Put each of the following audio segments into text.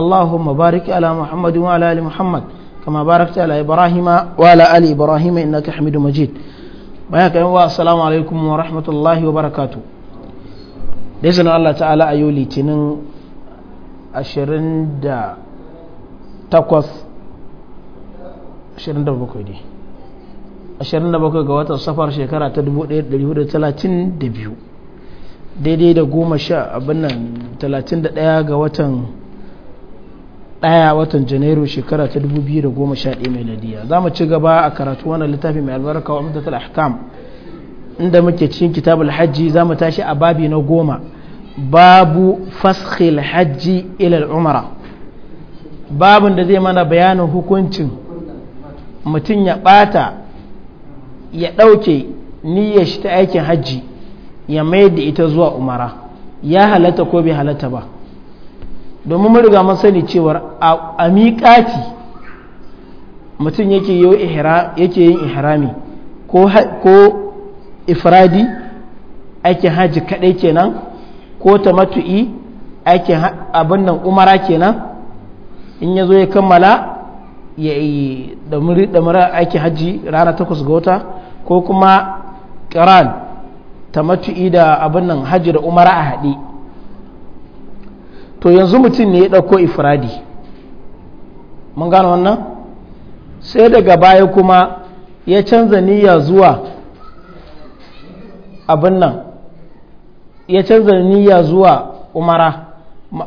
اللهم بارك على محمد وعلى آل محمد كما باركت على إبراهيم وعلى آل إبراهيم إنك حميد مجيد بياك السلام عليكم ورحمة الله وبركاته بإذن الله تعالى أيولي تنين أشرين دا تقوث أشرين دا بكويدي أشرين دا بكوي قوات السفر شكرا تدبو دليهود تلاتين دبيو daidai da goma sha abin nan 31 ga watan ɗaya watan janairu shekara ta 2011 ladiya za mu ci gaba a karatu wannan littafi mai albarka wa al ahkam inda muke cikin kitabul hajji za mu tashi a babi na goma babu faskhil hajji ila umara babin da zai mana bayanin hukuncin mutum ya ɓata ya ɗauke niyyar shi ta aikin hajji ya mai da ita zuwa umara ya halatta ko bai halatta ba domin mun riga mun sani cewar a miƙati mutum yake yin ihrami ko ifradi aikin hajji kaɗai kenan ko tamatu'i aikin abin nan umara kenan in ya zo ya kammala ya yi aikin hajji rana takwas ga wata ko kuma ƙiran tamatu'i da abin nan hajji da umara a haɗe to yanzu mutum ne ya ɗauko ifradi mun gano wannan sai daga baya kuma ya canza niyya zuwa abin nan ya canza niyya zuwa umara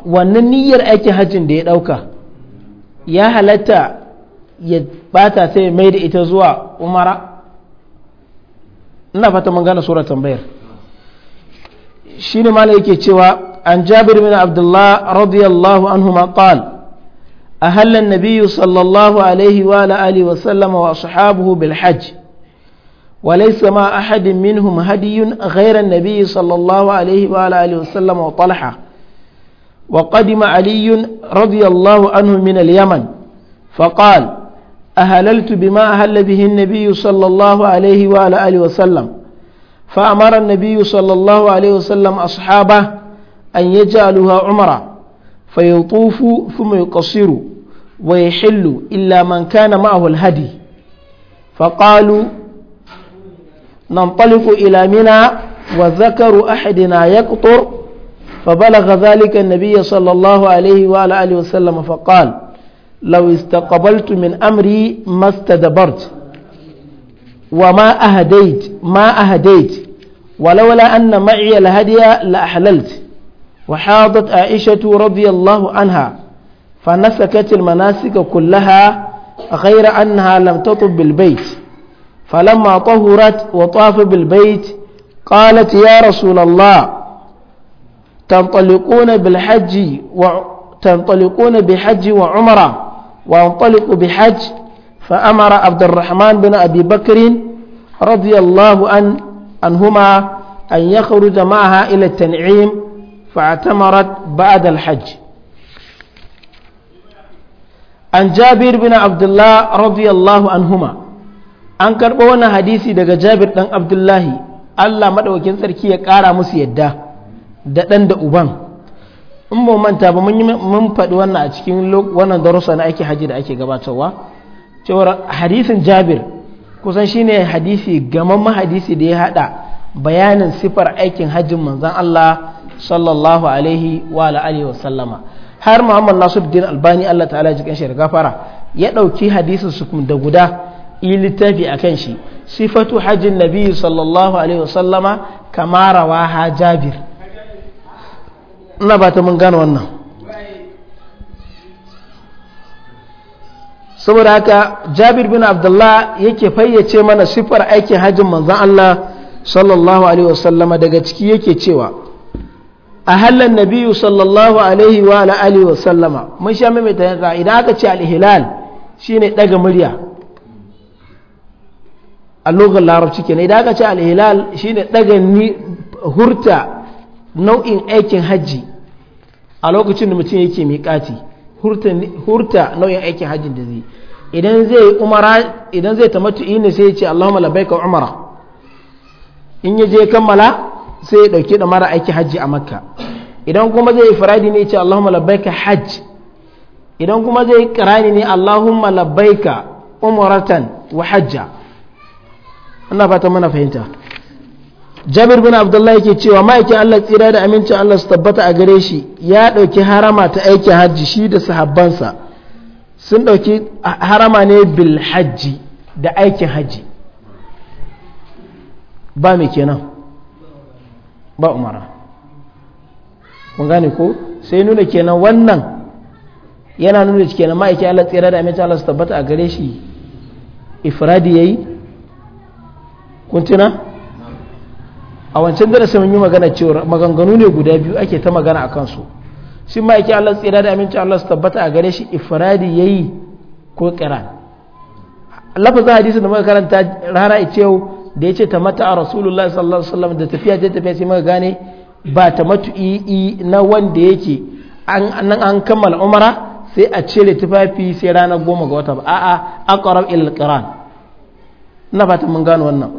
wannan niyyar aikin hajjin da ya ɗauka ya halatta ya bata sai ya mai da ita zuwa umara ina fata mun gane tambayar shi ne yake cewa عن جابر بن عبد الله رضي الله عنهما قال أهل النبي صلى الله عليه وعلى آله وسلم وأصحابه بالحج وليس مع أحد منهم هدي غير النبي صلى الله عليه وعلى آله وسلم وطلحة وقدم علي رضي الله عنه من اليمن فقال أهللت بما أهل به النبي صلى الله عليه وعلى آله وسلم فأمر النبي صلى الله عليه وسلم أصحابه أن يجعلوها عمرة فيطوفوا ثم يقصروا ويحلوا إلا من كان معه الهدي فقالوا ننطلق إلى منى وذكر أحدنا يقطر فبلغ ذلك النبي صلى الله عليه وعلى آله وسلم فقال لو استقبلت من أمري ما استدبرت وما أهديت ما أهديت ولولا أن معي الهدي لأحللت وحاضت عائشة رضي الله عنها فنسكت المناسك كلها غير أنها لم تطب بالبيت فلما طهرت وطاف بالبيت قالت يا رسول الله تنطلقون بالحج وتنطلقون بحج وعمرة وانطلق بحج فأمر عبد الرحمن بن أبي بكر رضي الله عنهما أن يخرج معها إلى التنعيم فاعتمرت بعد الحج عن جابر بن عبد الله رضي الله عنهما an karɓo wannan hadisi daga jabir ɗan abdullahi allah maɗaukin sarki ya ƙara musu yadda da ɗan da uban in ba manta ba mun faɗi wannan a cikin wannan darussa na ake haji da ake gabatarwa cewar hadisin jabir kusan shine hadisi gamamman mahadisi da ya haɗa bayanin sifar aikin hajjin manzan allah sallallahu alaihi wa alihi wa sallama har muhammad nasiruddin albani allah ta'ala jikin shi da gafara ya ɗauki hadisin su da guda yi littafi a kan shi sifatu hajjin nabi sallallahu alaihi wasallama kama rawa ha jabir ina ba ta mun gane wannan saboda haka jabir bin abdullah yake fayyace mana siffar aikin hajjin manzan allah sallallahu alaihi sallama daga ciki yake cewa a hallar nabi sallallahu alaihi wa sallama mun sha mai tanaza idan aka ce alhilal shine daga murya a lokacin larabci kenan idan aka ce daga hurta nau'in aikin haji a lokacin da mutum yake miƙati hurta hurta nau'in aikin hajin idan zai umara idan zai sai ya ce Allahumma labbaika umara in yaje kammala sai ya dauke da mara aiki hajji a makka idan kuma zai faradi ne ya ce Allahumma labbaika hajj idan kuma zai karani ne Allahumma labbaika umratan wa hajja Ana fata mana fahimta Jabir bin Abdullah yake cewa ma'aikin Allah tsira da amincin Allah su tabbata a gare shi ya dauki harama ta aiki hajji shi da sahabbansa sun dauki harama ne bil hajji da aikin hajji ba mai kenan ba umara kun gane ko sai nuna kenan wannan yana nuna kenan ma'aiki Allah tsira da amince Allah su tabbata a gare shi ifradi yayi kun tuna a wancan darasin mun yi magana cewa maganganu ne guda biyu ake ta magana akan su shi ma'aiki Allah tsira da amince Allah su tabbata a gare shi ifradi yayi ko qiran lafazin hadisin da muka karanta rana ce yau da ya ce ta mata a rasulullah sallallahu alaihi wasallam da tafiya ta tafiya sai muka gane ba ta matu ii na wanda yake nan an kammala umara sai a cire tufafi sai ranar goma ga wata ba a'a aqrab il qiran ina ta mun gano wannan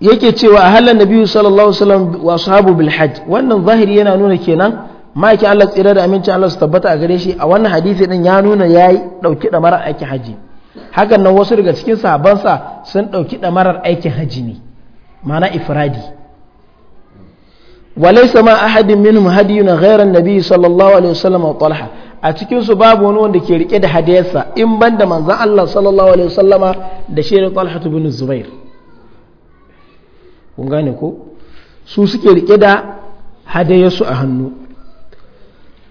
yake cewa a halar nabi sallallahu alaihi wasallam wa sahabu bil hajj wannan zahiri yana nuna kenan maki Allah tsira da amincin Allah su tabbata a gare shi a wannan hadisi din ya nuna yayi dauki da mara aiki haji hakan nan wasu daga cikin sahabansa sun ɗauki ɗamarar aikin hajji ne mana ifradi walaisa ma ahadin minhum hadiyun ghairan nabi sallallahu alaihi wasallam wa talha a cikin su babu wani wanda ke rike da hadiyarsa in banda manzon Allah sallallahu alaihi da shi Talha ibn Zubair kun gane ko su suke rike da hadayarsu a hannu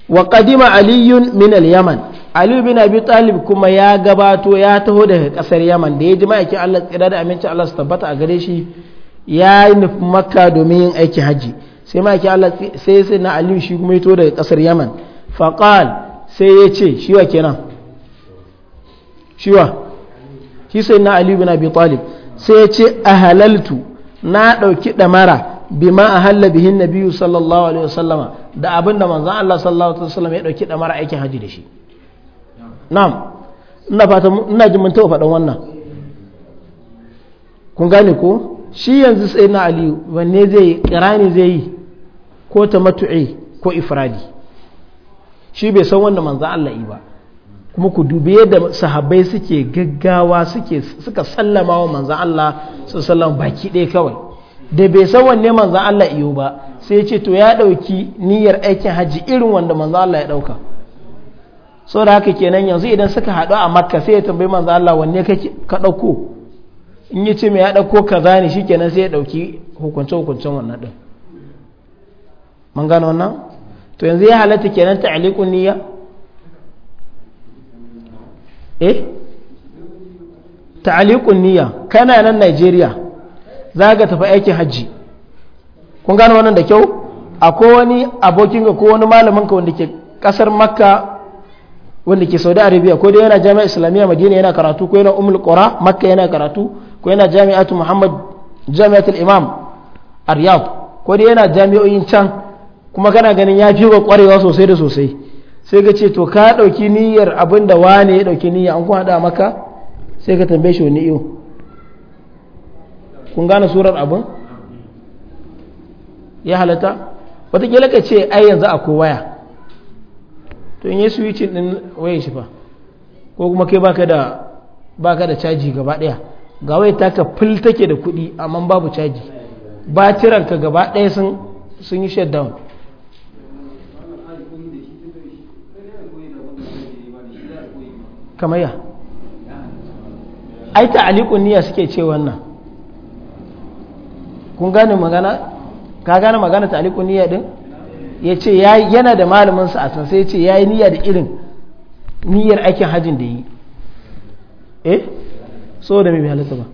wa qadima aliyun min al-yaman Ali bin Abi Talib kuma ya gabato ya taho daga kasar Yaman da ya ji ma'aikin Allah tsira da aminci Allah su tabbata a gare shi ya yi nufi Makka domin yin aiki haji sai ma'aikin Allah sai sai na Ali shi kuma ya taho daga kasar Yaman faqal sai ya ce shi wa kenan shi wa shi sai na Ali bin Abi Talib sai ya ce ahalaltu na dauki damara bima a halla bihin nabiyyu sallallahu alaihi wasallama da abinda manzon Allah sallallahu alaihi wasallama ya dauki damara aikin haji da shi na'am ina fata ina jin mun taɓa faɗan wannan kun gane ko shi yanzu sai na aliyu wanne zai yi kirani zai yi ko ta matu'i ko ifradi shi bai san wanda manzo Allah yi ba kuma ku dubi yadda sahabbai suke gaggawa suke suka sallama wa manzo Allah su sallama baki ɗaya kawai da bai san wanne manzo Allah iyo ba sai ya ce to ya ɗauki niyyar aikin hajji irin wanda manzo Allah ya ɗauka so da haka kenan yanzu idan suka haɗu a makka sai ya tambayi manzo Allah wanne ka ɗauko in ya ce mai ya ɗauko kaza ne shikenan sai ya ɗauki hukunce hukuncen wannan ɗin mun gano wannan to yanzu ya halatta kenan ta'liqun niyya eh ta'liqun niyya kana nan Najeriya za ka tafi aikin hajji kun gano wannan da kyau akwai wani abokin ka ko wani malamin ka wanda ke kasar makka wanda ke saudi arabia ko dai yana jami'a islamiyya madina yana karatu ko yana umul qura makka yana karatu ko yana jami'atu muhammad jami'atul imam a riyadh ko dai yana jami'o'in can kuma kana ganin ya fi kwarewa sosai da sosai sai ka ce to ka dauki niyyar abin da wane ya dauki niyya an kuma hada maka sai ka tambaye shi wani iyo kun gane surar abin ya halatta wataƙila ka ce ai yanzu akwai waya to in yi switching din wayan shi fa ko kuma kai baka da baka da caji gaba daya ga ta taka fil take da kuɗi amma babu caji tiran ka gaba daya sun sun yi shutdown kamar ya ai ta'aliqun niyya suke ce wannan kun gane magana ka gane magana ta'aliqun niyya din ya ce yana da sa a san sai ya ce ya yi niyya da irin niyyar aikin hajjin da yi eh so da mai halatta ba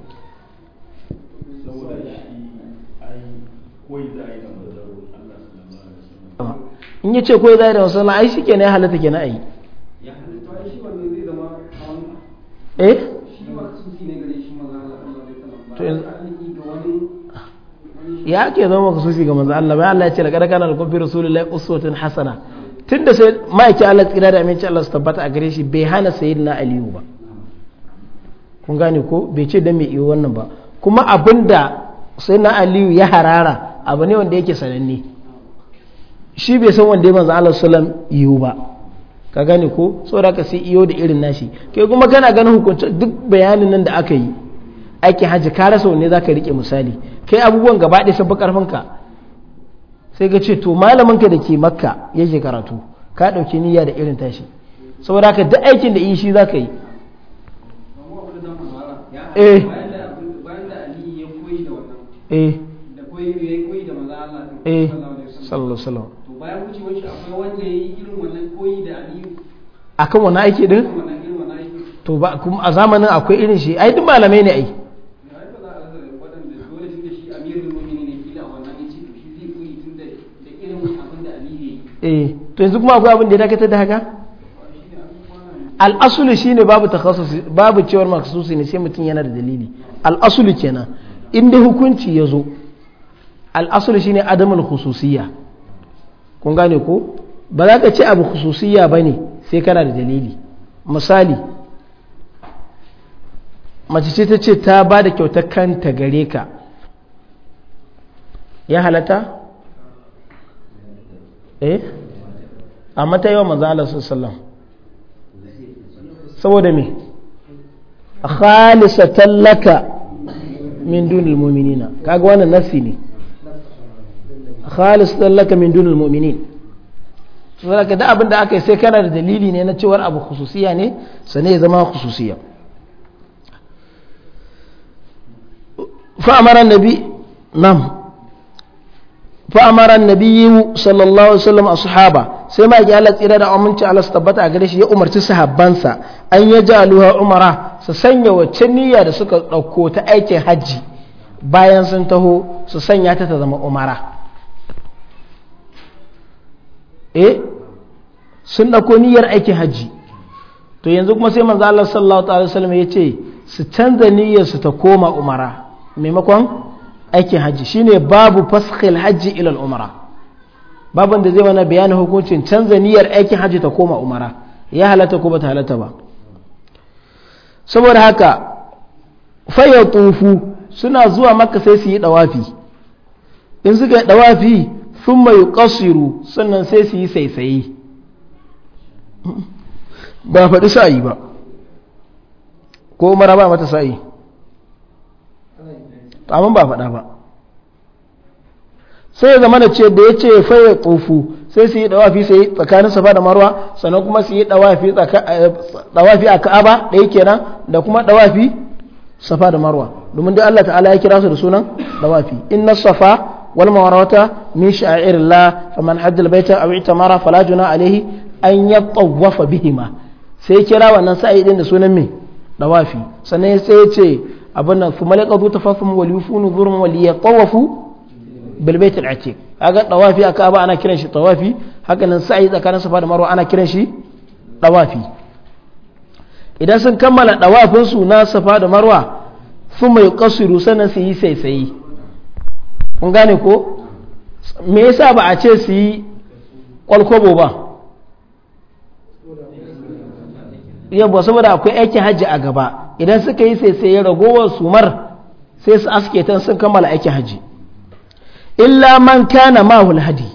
in ya ce koyi za a yi da wasu ai shi kenan ya halatta kenan a yi eh ya ke zama sufi ga manzo Allah bayan Allah ya ce laqad kana lakum fi rasulillahi uswatun hasana tunda sai ma'aiki Allah tsira da aminci Allah su tabbata a gare shi bai hana sayyidina Aliyu ba kun gane ko bai ce dan mai iyo wannan ba kuma abinda sayyidina Aliyu ya harara abu ne wanda yake sananne shi bai san wanda ya manzo Allah sallam iyo ba ka gane ko saboda ka sai iyo da irin nashi kai kuma kana ganin hukunci duk bayanin nan da aka yi aiki hajji ka rasa wanne zaka rike misali kai abubuwan gaba ɗaya sabbi karfinka sai ka ce to malamin ka da ke makka ya yake karatu ka ɗauki niyya da irin tashi saboda haka duk aikin da shi za ka yi eh eh eh aiki din to ba kuma a zamanin akwai irin shi ai duk malamai ne ai eh to yanzu kuma akwai abin da ya dakatar da haka al'asulu shine babu takhasusi babu cewar makasusi ne sai mutum yana da dalili al'asulu kenan in da hukunci ya zo al'asulu shine adamul khususiyya kun gane ko ba za ka ce abu khususiyya ne sai kana da dalili misali mace ce ta ce ta ba da kyautar kanta gare ka ya halata eh a mata yawan wa manzala sallam saboda me khalisa tallaka min dunil mu'minina kaga wannan nasi ne khalisa tallaka min dunil mu'minin saboda da abin da aka yi sai kana da dalili ne na cewar abu khususiya ne sane ya zama khususiya fa amara nabi nam fa amara annabiyyi sallallahu alaihi wasallam ashabah sai ma ji Allah tsira da amince Allah su tabbata gare shi ya umarci sahabbansa an ya jaluha umara su sanya wacce niyya da suka dauko ta aike haji bayan sun taho su sanya ta ta zama umara eh sun da niyyar aikin hajji? to yanzu kuma sai manzo Allah sallallahu alaihi wasallam ya ce su canza niyyar su ta koma umara maimakon aikin hajji shine babu faskhil hajji ilal umara babin da zai mana bayanin hukuncin canza niyyar aikin hajji ta koma umara ya halatta ko bata halatta ba saboda haka faya tufu suna zuwa maka sai su yi dawafi in suka yi dawafi sun mai kasiru sannan sai su yi saisaye ba faɗi sa'ayi ba ko mara ba mata to amma ba faɗa ba sai zama da ce da ya ce faye tsofu sai su yi dawafi sai tsakanin safa da marwa sannan kuma su yi dawafi eh, a ka'aba ɗaya kenan da kuma dawafi safa da marwa domin dai Allah ta'ala ya kira su da sunan dawafi inna safa wal marwata min sha'irillah faman hajjal baita aw itamara fala juna alaihi an yatawwafa bihima sai kira wannan sa'i din da sunan me dawafi sannan sai ya ce abin nan su malaka zu ta fasu wal yufunu zurm wal yatawafu bil bait al atiq aga tawafi aka ba ana kiran shi tawafi haka nan sa'i tsakanin safa da marwa ana kiran shi tawafi idan sun kammala tawafin su na safa da marwa sun mai kasiru sannan su yi saisayi kun gane ko me yasa ba a ce su yi kwalkwabo ba yabba saboda akwai aikin hajji a gaba idan suka yi sai sai ragowar sumar sai su aske ta sun kammala aikin haji illa man kana mahul hadi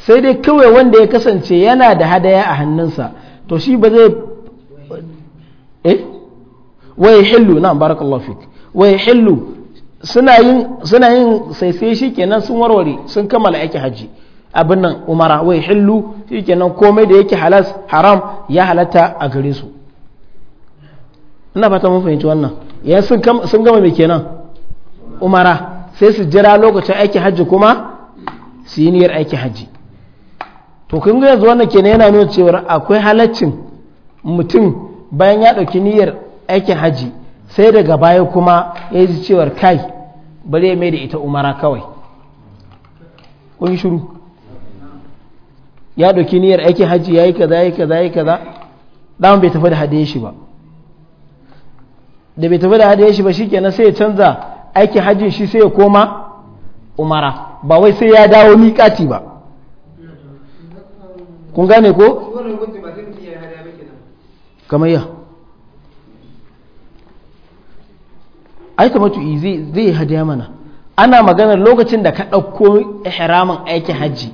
sai dai kawai wanda ya kasance yana da hadaya a hannunsa to shi ba zai eh wai hillu na barakallahu fik wai hillu suna yin suna yin sai shi kenan sun warware sun kammala aikin haji abin nan umara wai hillu shi kenan komai da yake halas haram ya halatta a gare su ina fata mun fahimci wannan ya sun gama mai kenan umara sai su jira lokacin aiki hajji kuma su yi niyyar aiki hajji to kun ga yanzu wannan kenan yana nuna cewa akwai halaccin mutum bayan ya ɗauki niyyar aikin hajji sai daga baya kuma ya ji cewar kai bari ya mai da ita umara kawai kun shiru ya ɗauki niyyar aikin hajji ya yi kaza ya yi kaza ya yi kaza ɗan bai tafi da hadin shi ba da bai tafi da hadaya shi ba shi kenan sai ya canza aikin hajjin shi sai ya koma umara ba wai sai ya dawo miƙati ba kun gane ko kamar ya ai kamar zai mana ana maganar lokacin da ka ɗauko ihramin aikin hajji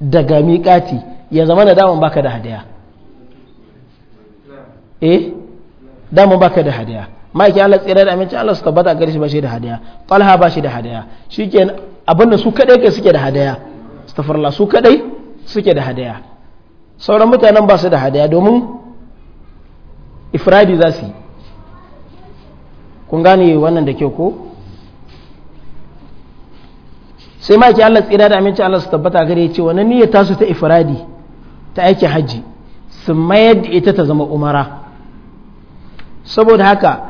daga miƙati ya zama da daman baka da hadaya eh dama baka da hadaya ma'aikin Allah tsira da aminci Allah su tabbata a gare shi ba shi da hadaya talha ba shi da hadaya shikenan abinda su kadai kai suke da hadaya astaghfirullah su kadai suke da hadaya sauran mutanen ba su da hadaya domin ifradi za su yi kun gane wannan da kyau ko sai ma'aikin Allah tsira da aminci Allah su tabbata a gare ce wannan niyyar tasu ta ifradi ta aiki hajji su mayar da ita ta zama umara saboda haka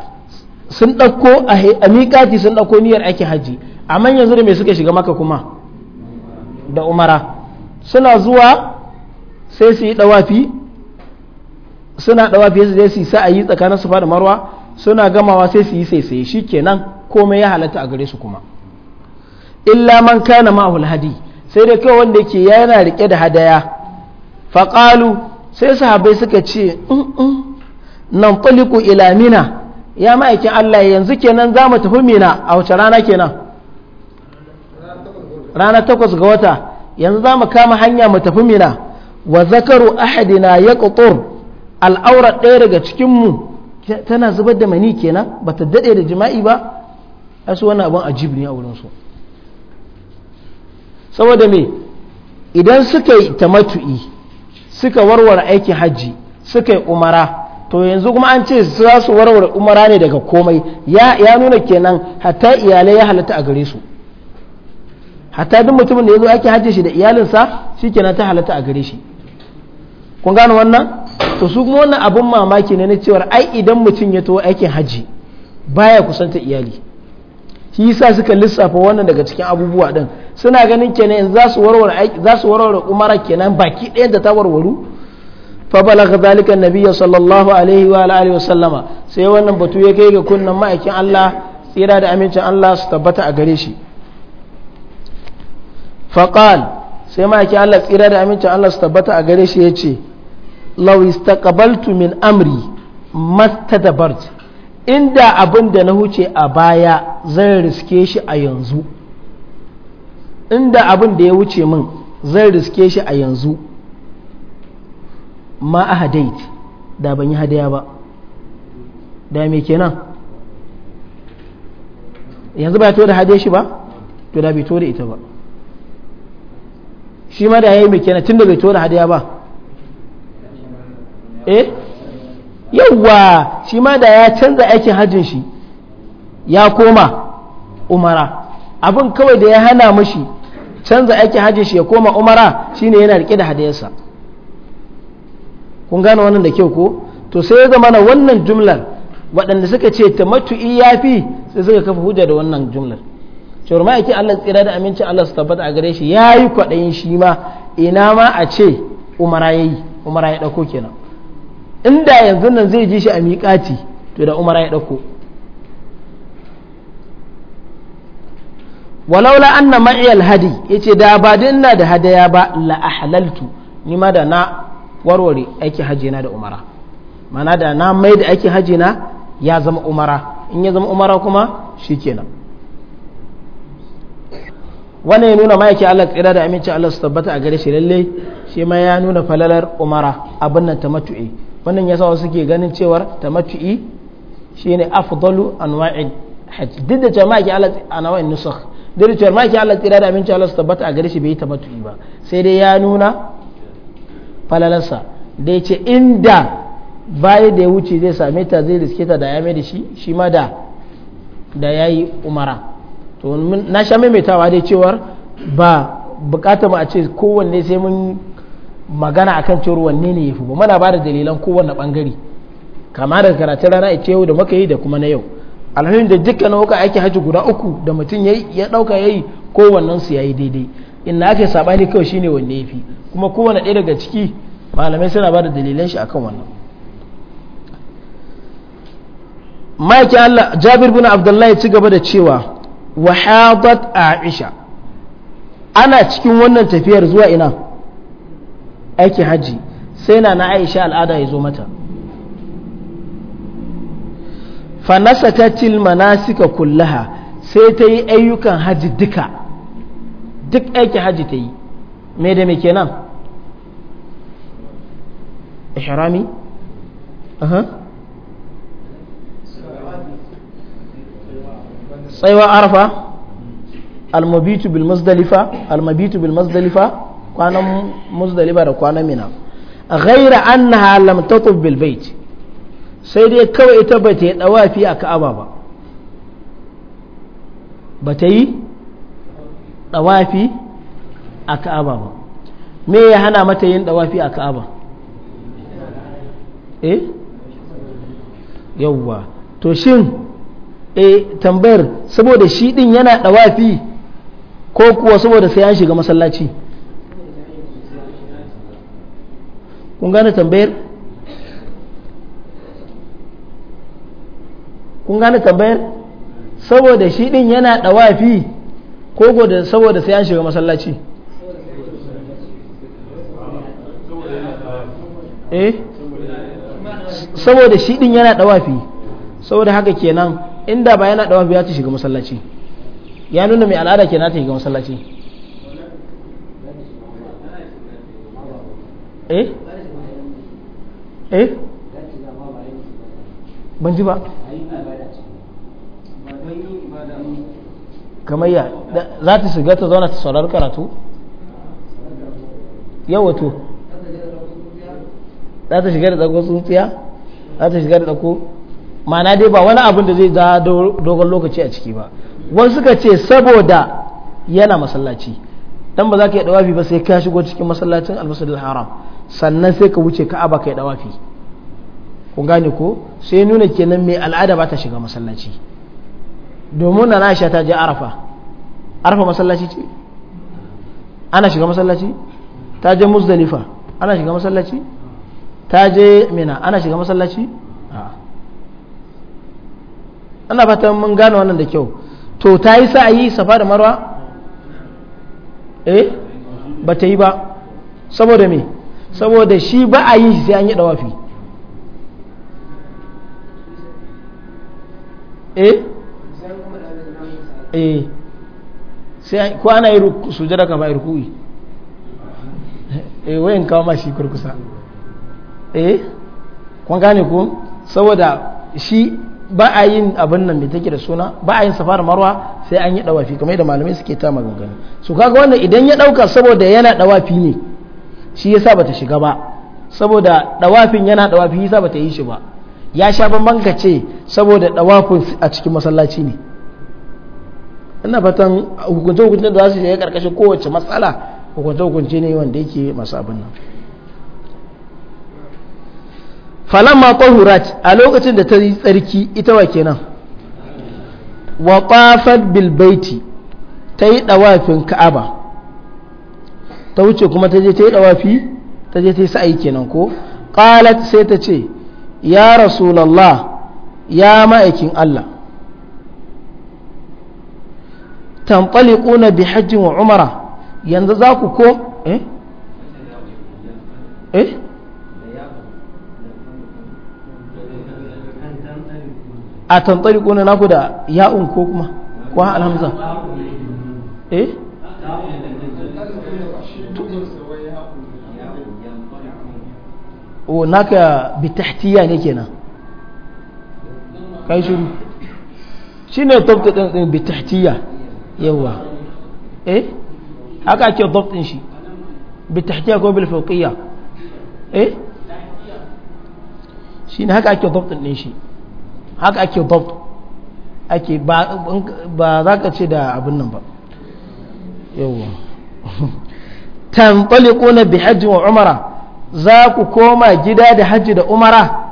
sun ɗauko a miƙati sun ɗauko niyyar aikin hajji a manyan da mai suka shiga maka kuma da umara suna zuwa sai su yi ɗawafi suna ɗawafi su je su yi sa'ayi tsakanin su fada marwa suna gamawa sai su yi saisaye shi kenan komai ya halatta a gare su kuma illa man kana ma'ahul hadi sai dai kawai wanda yake yana rike da hadaya faƙalu sai sahabai suka ce in mm, mm. nan taliku ila mina ya ma'aikin Allah yanzu kenan za mu tafi mina a wace rana kenan rana takwas ga wata yanzu za mu kama hanya mu tafi mina wa zakaru ahadina ya ƙutur al'aura ɗaya daga cikinmu tana zubar da mani kenan ba ta daɗe da jima'i ba asu wannan abin ajib ne a wurinsu saboda me idan suka yi tamatu'i suka warware aikin hajji suka yi umara to yanzu kuma an ce za su warware umara ne daga komai ya nuna kenan hatta iyalai ya halatta a gare su hatta duk mutumin da ya zo ake hajji shi da iyalinsa shi kenan ta halatta a gare shi kun gano wannan to su kuma wannan abin mamaki ne na cewar ai idan mutum ya tawo aikin hajji baya kusanta iyali shi yasa suka lissafa wannan daga cikin abubuwa din suna ganin kenan za su warware za su warware umara kenan baki ɗayan da ta warwaru فبلغ ذلك النبي صلى الله عليه وآله وسلم sai wannan batu ya kai ga kunnan ma'aikin Allah tsira da amincin Allah su tabbata a gare shi faqal sai ma'aikin Allah tsira da amincin Allah su tabbata a gare shi yace law istaqbaltu min amri mastadabart inda abin da na huce a baya zan riske shi a yanzu inda abin da ya wuce min zan riske shi a yanzu ma ahadait da ban yi hadaya ba da me kenan yanzu ba ya to da hadaya shi ba to da bai to da ita ba shi ma da ya yi mai kenan tun da bai to da hadaya ba eh yawwa shi ma da ya canza aikin hajjin shi ya koma umara abin kawai da ya hana mashi canza aikin hajjin shi ya koma umara shine yana rike da hadayarsa kun gane wannan da kyau ko to sai ya zama wannan jumlar waɗanda suka ce ta tamattu'i yafi sai suka kafa hujja da wannan jumlar cewar ma ma'aiki Allah tsira da amincin Allah su tabbata a gare shi ya yi kwaɗayin shi ma ina ma a ce umara ya yi umara ya ɗauko kenan inda yanzu nan zai ji shi a miƙati to da umara ya ɗauko walaula anna ma'iyal hadi yace da ba ina da hadaya ba la ahlaltu ni da na warware aiki hajji na da umara mana da na mai da aiki hajji na ya zama umara in ya zama umara kuma shi kenan wannan ya nuna ma'aikin Allah tsira da aminci Allah su tabbata a gare shi lalle shi ma ya nuna falalar umara abin nan tamattu'i wannan yasa wasu ke ganin cewar tamattu'i shine afdalu anwa'il hajj duk da cewa ma'aikin Allah anwa'in nusakh duk da cewa ma'aikin Allah tsira da aminci Allah su tabbata a gare shi bai tamattu'i ba sai dai ya nuna falalarsa da ya ce inda baya da ya wuce zai same ta zai riske ta da ya mai da shi shi ma da da ya yi umara to na sha maimaitawa dai cewar ba bukatar mu a ce kowanne sai mun magana akan cewar wanne ne ya fi ba mana ba da dalilan kowanne bangare kama da karatun rana a yau da muka yi da kuma na yau alhamdulillah da dukkanin wuka aiki hajji guda uku da mutum ya ɗauka ya yi kowannensu ya yi daidai inna ake yi sabani kawai shine wanne yafi kuma kowane ɗaya daga ciki malamai suna ba da dalilan shi akan wannan maki Allah Jabir bin Abdullah ya ci gaba da cewa wa hadat Aisha ana cikin wannan tafiyar zuwa ina aiki haji sai na na Aisha al'ada ya zo mata fanasakatil manasika kullaha sai ta yi ayyukan haji duka duk aikin hajji ta yi me da me kenan ihrami aha tsaiwa arafa almabitu bil muzdalifa almabitu bil muzdalifa kwanan muzdalifa da kwanan mina ghaira annaha lam tatuf bil bait sai dai kawai ita bata yi dawafi a ka'aba ba bata yi dawafi a ka'aba ba me ya hana mata yin dawafi a ka'aba eh yawwa to shin eh tambayar saboda shi din yana dawafi ko kuwa saboda sai an shiga masallaci kun gane tambayar kun gane tambayar saboda shi din yana dawafi. ko da saboda sai an shiga masallaci eh saboda shi din yana dawafi saboda haka kenan inda ba yana dawafi ya ci shiga masallaci ya nuna mai al'ada kenan ta shiga masallaci eh eh ban ji ba kamar ya za ta shiga ta zauna ta saurari karatu yau wato za ta shiga da ɗago tsuntsiya za ta shiga da ma'ana dai ba wani abin da zai za dogon lokaci a ciki ba wasu suka ce saboda yana masallaci dan ba za ka yi dawafi ba sai ka shigo cikin masallacin al haram sannan sai ka wuce ka ka yi dawafi kun gane ko sai nuna kenan mai al'ada ba ta shiga masallaci domin na Aisha ta je Arafa Arafa masallaci ce ana shiga masallaci ta je Muzdalifa ana shiga masallaci ta je Mina ana shiga masallaci ana fatan mun gane wannan da kyau to ta yi sa'ayi safa da marwa eh ba ta yi ba saboda me saboda shi ba a yi sai an yi dawafi eh Eh, sai ko yi sujada kama yi ruku'i eh wayan kawo mashi kurkusa eh kun gane ku saboda shi ba a yin abin nan mai take da suna ba a yin safar marwa sai an yi dawafi kamar da malamai suke ta maganganu su kaga wannan idan ya dauka saboda yana dawafi ne shi yasa bata shiga ba saboda dawafin yana dawafi yasa bata yi shi ba ya sha bamban ce saboda dawafin a cikin masallaci ne ina fatan hukunce hukunce da za su shiga karkashin kowace matsala hukunce hukunce ne wanda yake masu abin nan falon makon hurat a lokacin da ta yi tsarki ita wa kenan wa kwafar bilbaiti ta yi dawafin ka'aba ta wuce kuma ta je ta yi dawafi ta je ta yi sa'ayi kenan ko qalat sai ta ce ya rasulallah ya ma'aikin Allah tanfaliquna bi hajjin wa umara yanzu za ku ko eh eh a na ku da ya'un ko kuma ko alhamza eh o oh, naka bi tahtiya ne kenan kai shiru shine tabta din bi tahtiya yawa eh haka ake dhabt din shi bi tahtiya ko bil fawqiya eh shine haka ake dhabt din shi haka ake dhabt ake ba za ka ce da abin nan ba yawa tanṭaliquna bi hajji wa umara za ku koma gida da hajji da umara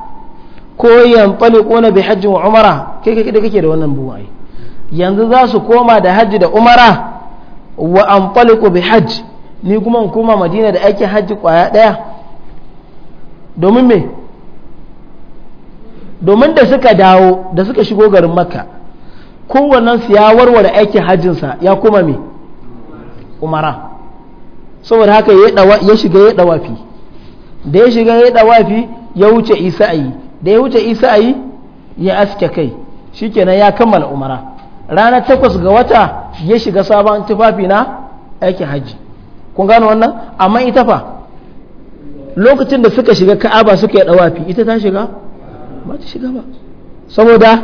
ko yanṭaliquna bi hajji wa umara kai kai da kake da wannan buwaye yanzu za su koma da hajji da umara wa an taliku bi hajji ni kuma in koma madina da aikin hajji kwaya ɗaya domin me domin da suka dawo da suka shigo garin makka kowannensu ya warware aikin hajjinsa ya kuma me umara saboda haka ya shiga ya dawafi da ya shiga ya dawafi ya wuce isa ayi da ya wuce isa ayi ya aske kai shikenan ya kammala umara ranar takwas ga wata ya shiga sabon tufafi na aikin hajji kun gano wannan amma ita fa lokacin da suka shiga ka'aba suka yi dawafi ita ta shiga ba ta shiga ba saboda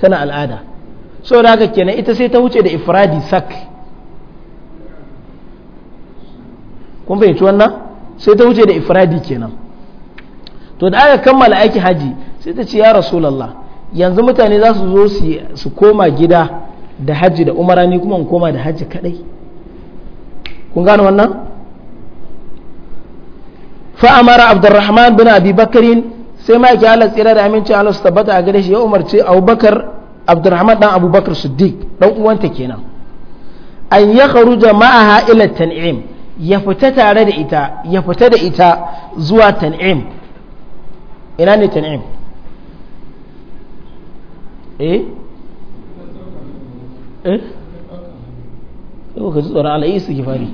tana al'ada saboda haka kenan ita sai ta wuce da ifradi sak kun fahimci wannan sai ta wuce da ifradi kenan to da aka kammala aikin haji sai ta ce ya rasulallah yanzu mutane za su zo su koma gida da hajji da umara ni kuma koma da hajji kadai kun gane wannan fa'amara abdurrahman bin abi bakarin sai ma yake halar tsira da amincin halar su tabbata a gare shi ya umarci abubakar abdurrahman dan abubakar siddiq dan uwanta kenan an ya kharuja ma'aha ila tan'im ya fita tare da ita ya fita da ita zuwa tan'im ina ne tan'im eh eh yau ka ji tsoron Allah yi eh, fari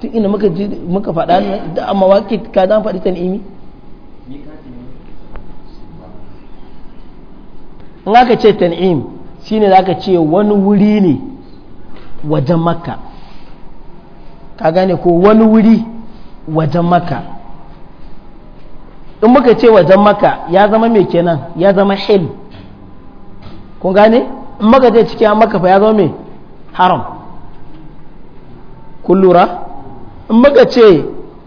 tun ina muka ji muka faɗa da amma waki ka zan faɗi ta ni'imi in aka ce tan'im shine ka ce wani wuri ne wajen makka ka gane ko wani wuri wajen makka in muka ce wajen makka ya zama mai kenan ya zama hil kun gane in maka je cikin an maka ya zama mai haram kun in maka ce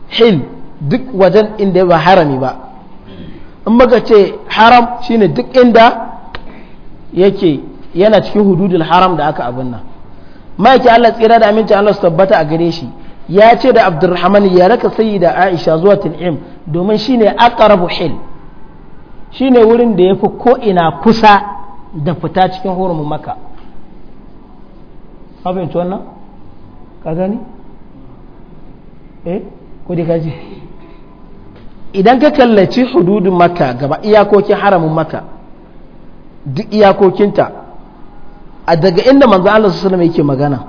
hil duk wajen inda ba harami ba in maka ce haram shine duk inda yake yana cikin hududul haram da aka abin nan ma'aiki Allah tsira da aminci Allah su tabbata a gare shi ya ce da abdurrahman ya raka sayi da aisha zuwa til'im domin shine aqrabu hil shine wurin da yafi ko ina kusa da fita cikin hurumin maka fahimci wannan ka gani eh ko dai kaji idan ka kallaci hududun maka gaba iyakokin haramun maka duk iyakokinta a daga inda manzo Allah sallallahu alaihi yake magana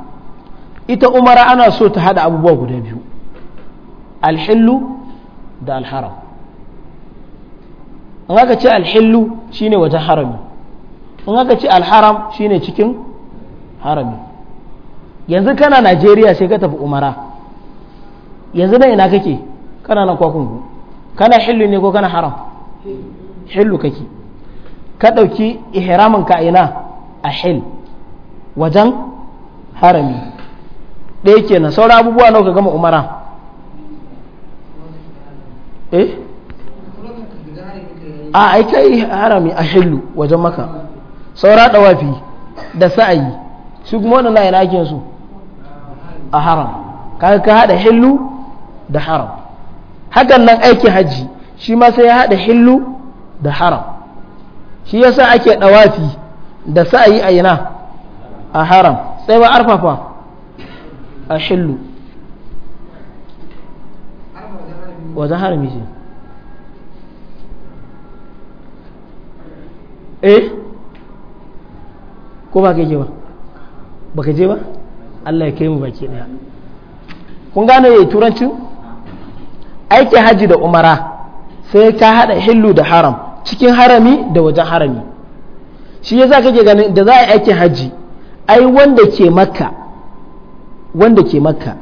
ita umara ana so ta hada abubuwa guda biyu alhillu da alharam an aka ce alhillu shine wajen harami in aka ce alharam shine cikin harami yanzu kana najeriya sai ka tafi umara yanzu nan ina kake kana nan kwakungu kana hillu ne ko kana haram hillu kake ka ɗauki ihramin ka a hill wajen harami ɗaya kenan sauran abubuwa nau ka gama umara eh a ai harami a hillu wajen maka saura dawafi da sa'ayi su kuma wani layin ake su a haram kaga ka haɗa hillu da haram hakan nan aikin hajji shi ma sai ya haɗa hillu da haram shi yasa ake dawafi da sa'ayi a yana a haram sai ba arfafa a hillu wajen harami ce eh ko ba ka je ba ba ka je ba Allah ya kai mu baki daya kun gane yayi turancin aiki haji da umara sai ka hada hillu da haram cikin harami da wajen harami shi yasa kake ganin da za a yi aikin haji ai wanda ke makka wanda ke makka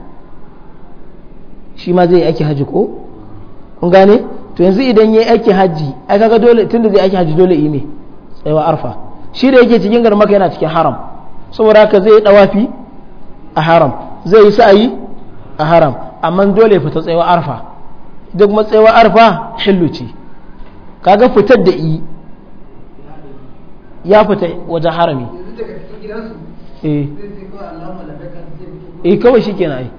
shi ma zai yi aikin haji ko kun gane to yanzu idan yayi aiki haji ai kaga dole tunda zai aiki haji dole yi ne tsayawa arfa shi da yake cikin garin maka yana cikin haram saboda haka zai yi dawafi a haram zai yi sa'ayi a haram amma dole fita tsayuwa arfa duk kuma arfa hillu ce kaga fitar da yi ya fita waje harami eh eh kawai shi kenan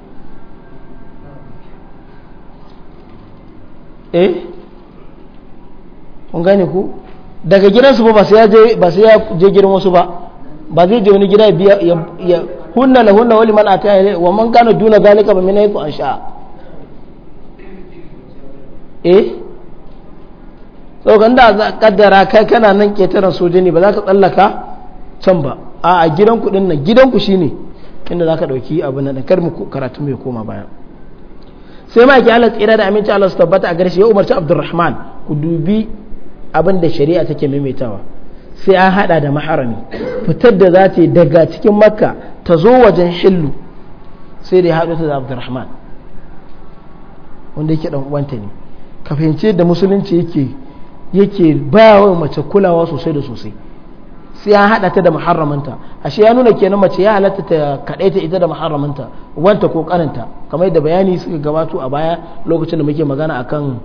eh kun gane ku daga gidansu ba sai ya je ba sai ya je gidan wasu ba ba zai je wani gida ya hunna la hunna wali man ataya wa man kana duna zalika ba min haythu ansha eh to kan da za kaddara kai kana nan ketaren ne ba za ka tsallaka can ba a a gidan ku din nan gidan ku shine inda za ka dauki abu nan kar mu karatu mai koma baya sai ma ki Allah tsira da aminci Allah su tabbata a garshi ya umarci Abdulrahman ku dubi abin da shari'a take maimaitawa sai an hada da maharami fitar da za ta yi daga cikin makka ta zo wajen shillu sai da ya haɗu ta da abdurrahman wanda yake dan uwanta ne ka fahimci da musulunci yake yake ba wa mace kulawa sosai da sosai sai an hada ta da muharramanta ashe ya nuna kenan mace ya halatta ta ta ita da muharramanta wanta ko kananta kamar da bayani suka gabato a baya lokacin da muke magana akan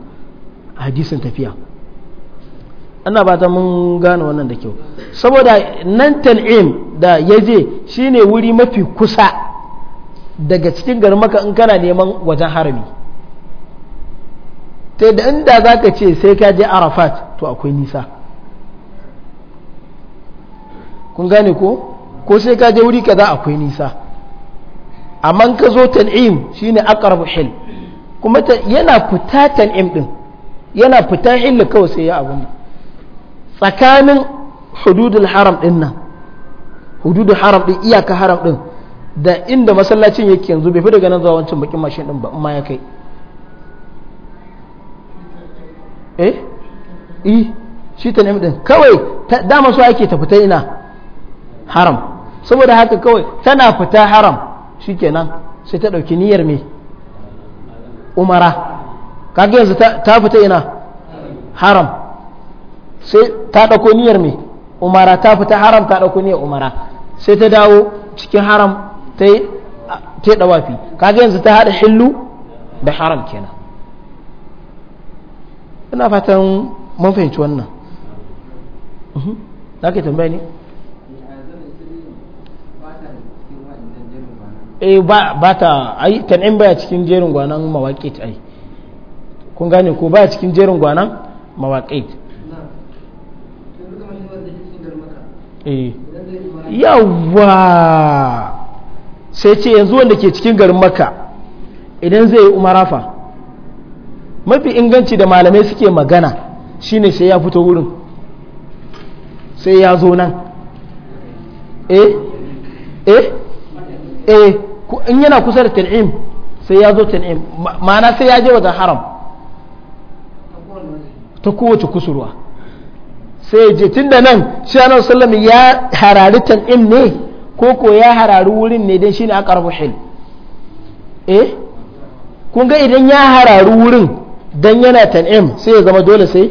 hadisin tafiya ana ba ta mun gane wannan da kyau saboda nan tan'im da ya je shi ne wuri mafi kusa daga cikin garin maka in kana neman wajen harami ta da inda za ka ce sai ka je arafat to akwai nisa kun gane ko ko sai ka je wuri kaza akwai nisa amma ka zo tan'im shine aqrabu hil kuma yana fita tan'im din yana fita hil kawai sai ya abun tsakanin hududul haram din nan hududul haram din iyaka haram din da inda masallacin yake yanzu bai fi daga nan zuwa wancan bakin mashin din ba amma ya kai eh i shi ta nemi din kawai dama su ake ta fita ina haram saboda haka kawai tana fita haram shikenan sai ta ɗauki niyyar me umara kaga yanzu ta fita ina haram sai ta ɗauko niyyar me umara ta fita haram ta ɗauko niyyar umara sai ta dawo cikin haram ta yi ta ɗawafi kaga yanzu ta haɗa hillu da haram kenan ina fatan mun fahimci wannan mhm. za ka tambaya ne eh ba ta ai tan'in baya cikin jerin gwanan mawaƙit ai kun gane ko baya cikin jerin gwanan mawaƙit Eh. yawwa sai ce yanzu wanda ke cikin garin makka idan zai yi umarafa mafi inganci da malamai suke magana shine sai ya fito wurin sai ya zo nan eh eh eh in yana kusa da tan'im sai ya zo tan'im ma'ana sai ya je wajen haram ta kowace kusurwa sai je tun da nan shi annabi sallam ya harari tan'im ne ko ko ya harari wurin ne don shine aqrabu hil eh kun ga idan ya harari wurin dan yana tan'im sai ya zama dole sai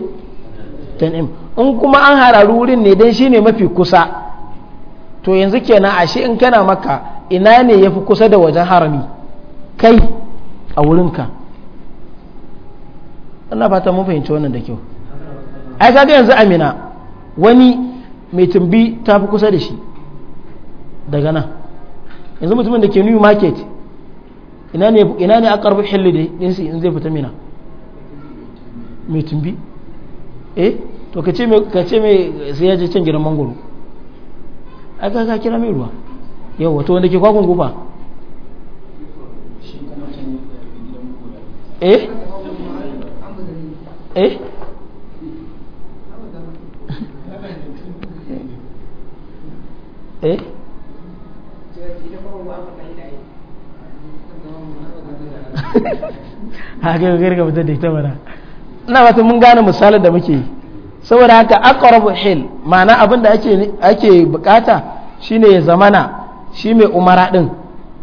tan'im in kuma an harari wurin ne don shine mafi kusa to yanzu kenan ashe in kana maka ina ne ya fi kusa da wajen harami kai a wurinka ina fata mun fahimci wannan da kyau ai kaga yanzu amina wani mai tumbi ta fi kusa da shi daga nan yanzu mutumin da ke new market ina ne a karfi hillu da ɗinsu in zai fita mina mai tumbi eh to ka ce mai sai ya je can gidan mangoro aka ka kira mai ruwa yau wato wanda ke kwakwan gufa eh eh eh haka ga ga da ita mana ina fata mun gane misalin da muke saboda haka aqrabu hil ma'ana abin da ake bukata shine ya zamana shi mai umara din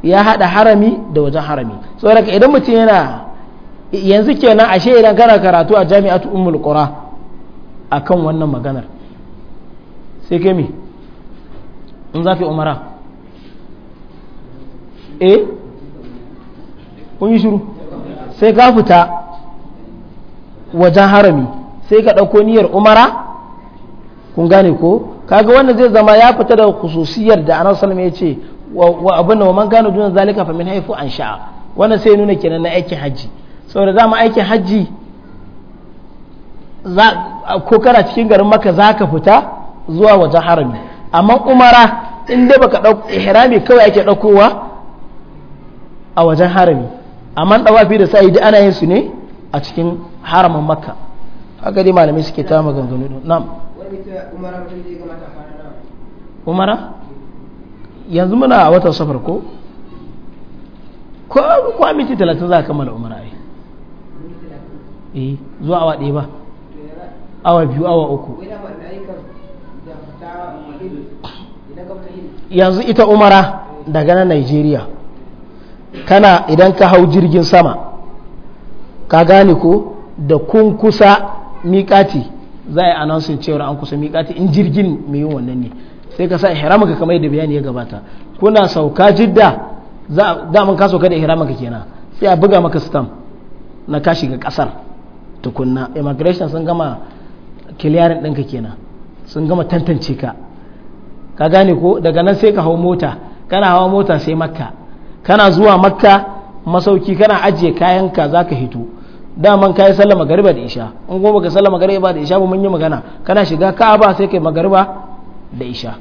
ya hada harami da wajen harami saboda haka idan mutum yana yanzu kenan ashe idan kana karatu a jami'atu ummul qura akan wannan maganar sai kai in za fi umara eh? kun yi shiru sai ka fita wajen harami sai ka ɗauko niyyar umara kun gane ko kaga wannan zai zama ya fita da khususiyar da ana salama ya ce wa abin da man gano dunan zalika fa min haifu an sha'a wannan sai nuna kenan na aikin hajji saboda za mu aikin hajji ko kana cikin garin maka za ka fita zuwa wajen harami amma umara in dai baka dauko ihrami kawai ake daukowa a wajen harami amma dawafi da sa'i ana yin su ne a cikin haramin makka haka dai malamai suke ta maganganu din na'am umara yanzu muna a watan safar ko ko miti talatin za a kammala umara ai eh zuwa awa ɗaya ba awa biyu awa uku yanzu ita umara daga na nigeria kana idan ka hau jirgin sama ka gane ko da kun kusa mikati za a yi anonsin cewar an kusa mikati in jirgin mai yi wannan ne sai ka sa ihramaka kamar yadda bayani ya gabata kuna sauka jidda za a ka sauka da ihramaka kenan sai a buga maka stamp na kashi ga kasar tukunna immigration sun gama kiliyarin ɗinka kenan sun gama tantance ka ka gane ko daga nan sai ka hau mota kana hawa mota sai makka kana zuwa makka masauki kana ajiye kayanka za ka hito daman ka yi sallah magariba da isha in goma ka sallah magariba da isha ba mun yi magana kana shiga ka'aba sai kai magariba da isha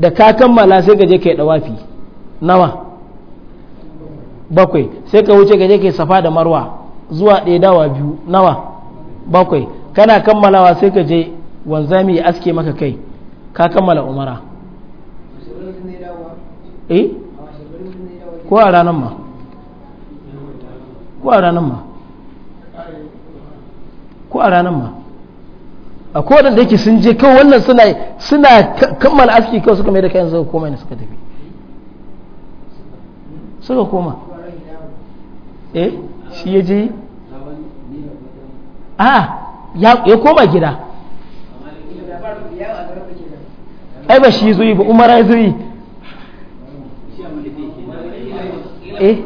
da ka kammala sai ka je kai dawafi nawa bakwai sai ka wuce ka je kai safa da marwa zuwa ɗaya dawa biyu nawa bakwai kana kammalawa sai ka je wanzami ya aske maka kai ka kammala umara eh ko a ranar ma ko a ranar ma ko a ranar ma a kodan da yake sun je kawai wannan suna suna kammala aski kawai suka mai da kayan suka koma ne suka tafi suka koma eh shi ya je ah, a ya koma gida ai ba shi zuyi ba umar ya zuyi eh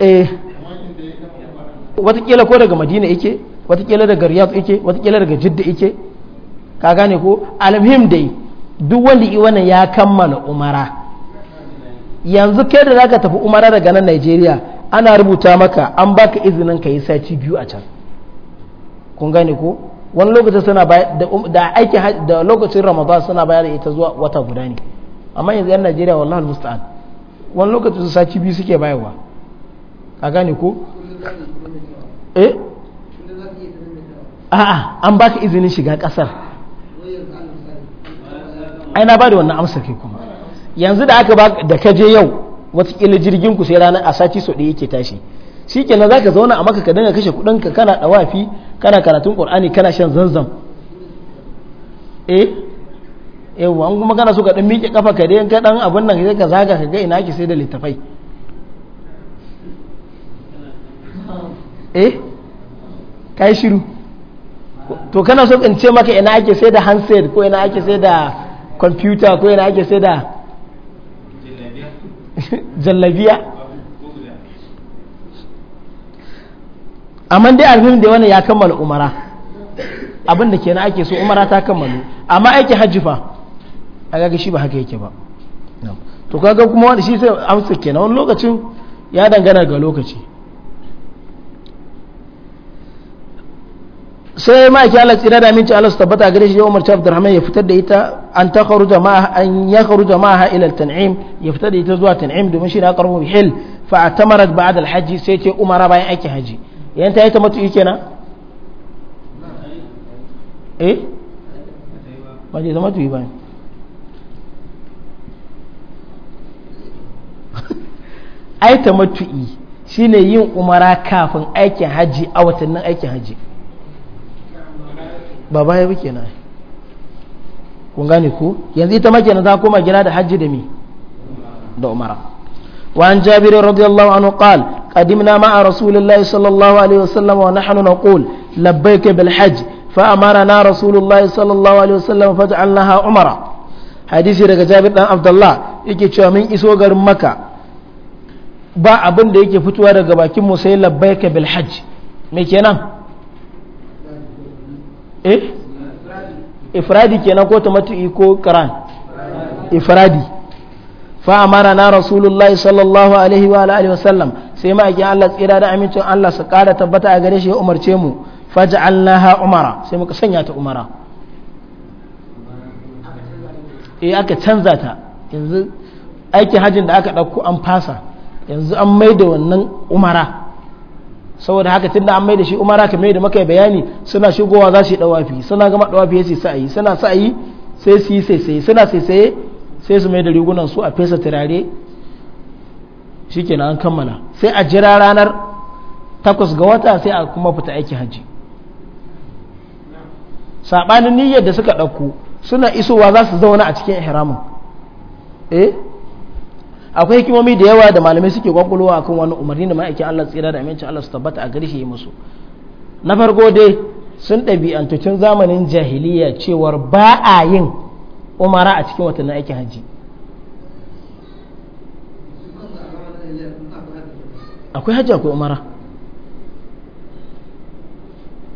eh watakila ko daga madina yake watakila daga riyad yake watakila daga jidda yake ka gane ko alhamdulillah dai duk wanda i wannan ya kammala umara yanzu kai da zaka tafi umara daga nan Najeriya ana rubuta maka an baka izinin ka yi sati biyu a can kun gane ko wani lokacin suna um, da aiki da lokacin ramadan suna bayar da ita zuwa wata guda ne amma yanzu yan najeriya wallahi musta'an wani lokacin su saki biyu suke bayarwa a gane ko eh a'a an baka izinin shiga kasar ai na bada wannan amsa kai kuma yanzu da aka baka da kaje yau kila jirgin ku sai ranar a sati so da yake tashi shikenan zaka zauna a maka ka dinga kashe kudin ka kana dawafi kana karatun qur'ani kana shan zanzam eh yawwa an kuma kana so ka ɗan miƙe ƙafa ka dai ka ɗan abin nan ka zaga ka ga ina ki sai da littafai eh kai shiru to kana so in ce maka ina ake sai da handset ko ina ake sai da computer ko ina ake sai da jallabiya amma dai almin da wani ya kammala umara abinda ke kenan ake so umara ta kammalu amma aiki hajji fa a gaga shi ba haka yake ba to kaga kuma wani shi sai amsa na wani lokacin ya dangana ga lokaci sai ma ake Allah tsira da aminci Allah su tabbata gare shi ya umarci Abdurrahman ya fitar da ita an ta kharuja jama'a an ya kharuja ma'aha ila tan'im ya fitar da ita zuwa tan'im domin shi na karfin hil fa atamarat ba'da al-hajji sai ce umara bayan aikin haji yan ta yi ta matu'i kenan eh ba ta matu'i ba ai ta matu'i shine yin umara kafin aikin hajji a watannin aikin hajji ba baya ba kenan kun gane ku yanzu ita ma na za koma gida da hajji da mi da umara وعن جابر رضي الله عنه قال قدمنا مع رسول الله صلى الله عليه وسلم ونحن نقول لبيك بالحج فأمرنا رسول الله صلى الله عليه وسلم فجعلناها عمرة حديث رجع جابر بن عبد الله yake cewa mun iso garin maka ba abin da yake fitowa daga bakin mu sai labbaika bil hajj me kenan eh ifradi kenan ko tamatu'i ko qiran ifradi fa amara na rasulullahi sallallahu wa sai ma'aikin Allah tsira da amincin Allah su kara tabbata a gare shi ya umarce mu faj'alnaha umara sai muka sanya ta umara eh aka canza ta yanzu aikin hajjin da aka ɗauko an fasa yanzu an maida wannan umara saboda haka tun da an mai da shi umara mai da maka bayani suna shigowa za su yi ɗawafi suna gama ɗawafi ya ce sa'ayi suna sa'ayi sai su yi sai suna sai sai sai su mai da rigunan su a fesa turare shikenan an kammala sai a jira ranar takwas ga wata sai a kuma fita aiki hajji saɓanin niyyar da suka ɗauko suna isowa za su zauna a cikin ihramin eh akwai hikimomi da yawa da malamai suke kwakwalwa akan wani umarni da ma'aikin Allah tsira da amince Allah su tabbata a garshe yi musu na farko dai sun ɗabi'antu tun zamanin jahiliya cewar ba a yin umara a cikin watannin aikin hajji akwai hajji akwai umara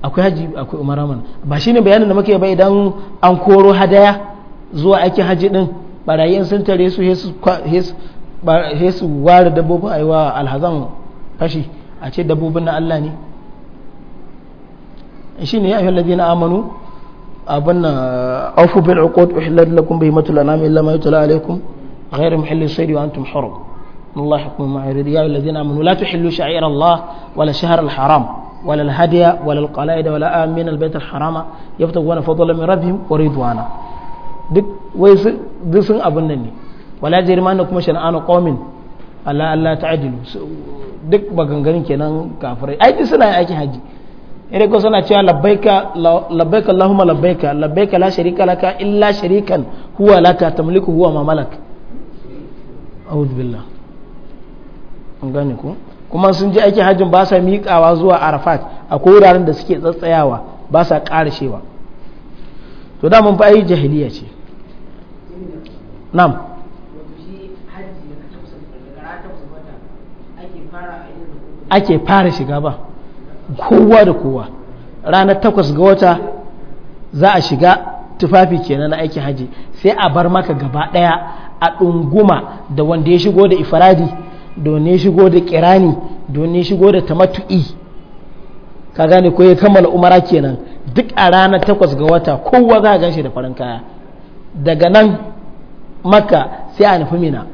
akwai hajji akwai umara mana ba shi ne bayanin da muke ba idan an koro hadaya zuwa aikin hajji din barayin sun tare su he su ware dabbobin aiwa alhazan fashi a ce dabbobin na Allah ne shi ne ya fi lalazi na amanu abin na aufu bil uqud bai matula na mai illa tula yutla alaykum halin sai da wa antum hurum إن الله يحكم ما يريد يا الذين آمنوا لا تحلوا شعير الله ولا شهر الحرام ولا الهدي ولا القلائد ولا آمين البيت الحرام يبتغون فضلا من ربهم ورضوانا duk wai duk sun abin nan ne wala jirmanu kuma shan'anu qaumin Allah Allah ta'dilu duk maganganun kenan kafirai ai duk suna aikin haji idan ko suna cewa labbaika labbaika Allahumma labbaika labbaika la sharika laka illa sharikan huwa laka tamliku huwa ma malak a'udhu billah gane ku kuma sun je aikin hajjin ba sa miƙawa zuwa arafat akwai wuraren da suke tsatsayawa ba sa ƙarashewa to da mun fa ai jahiliya ce nam ake fara shiga ba kowa da kowa ranar takwas ga wata za a shiga tufafi kenan na aikin haji sai a bar maka gaba ɗaya a ɗunguma da wanda ya shigo da ifradi domin shigo da kirani domin shigo da tamatu'i ka gane ko ya kammala umara kenan duk a ranar takwas ga wata kowa za a gan shi da farin kaya daga nan maka sai a nufi mina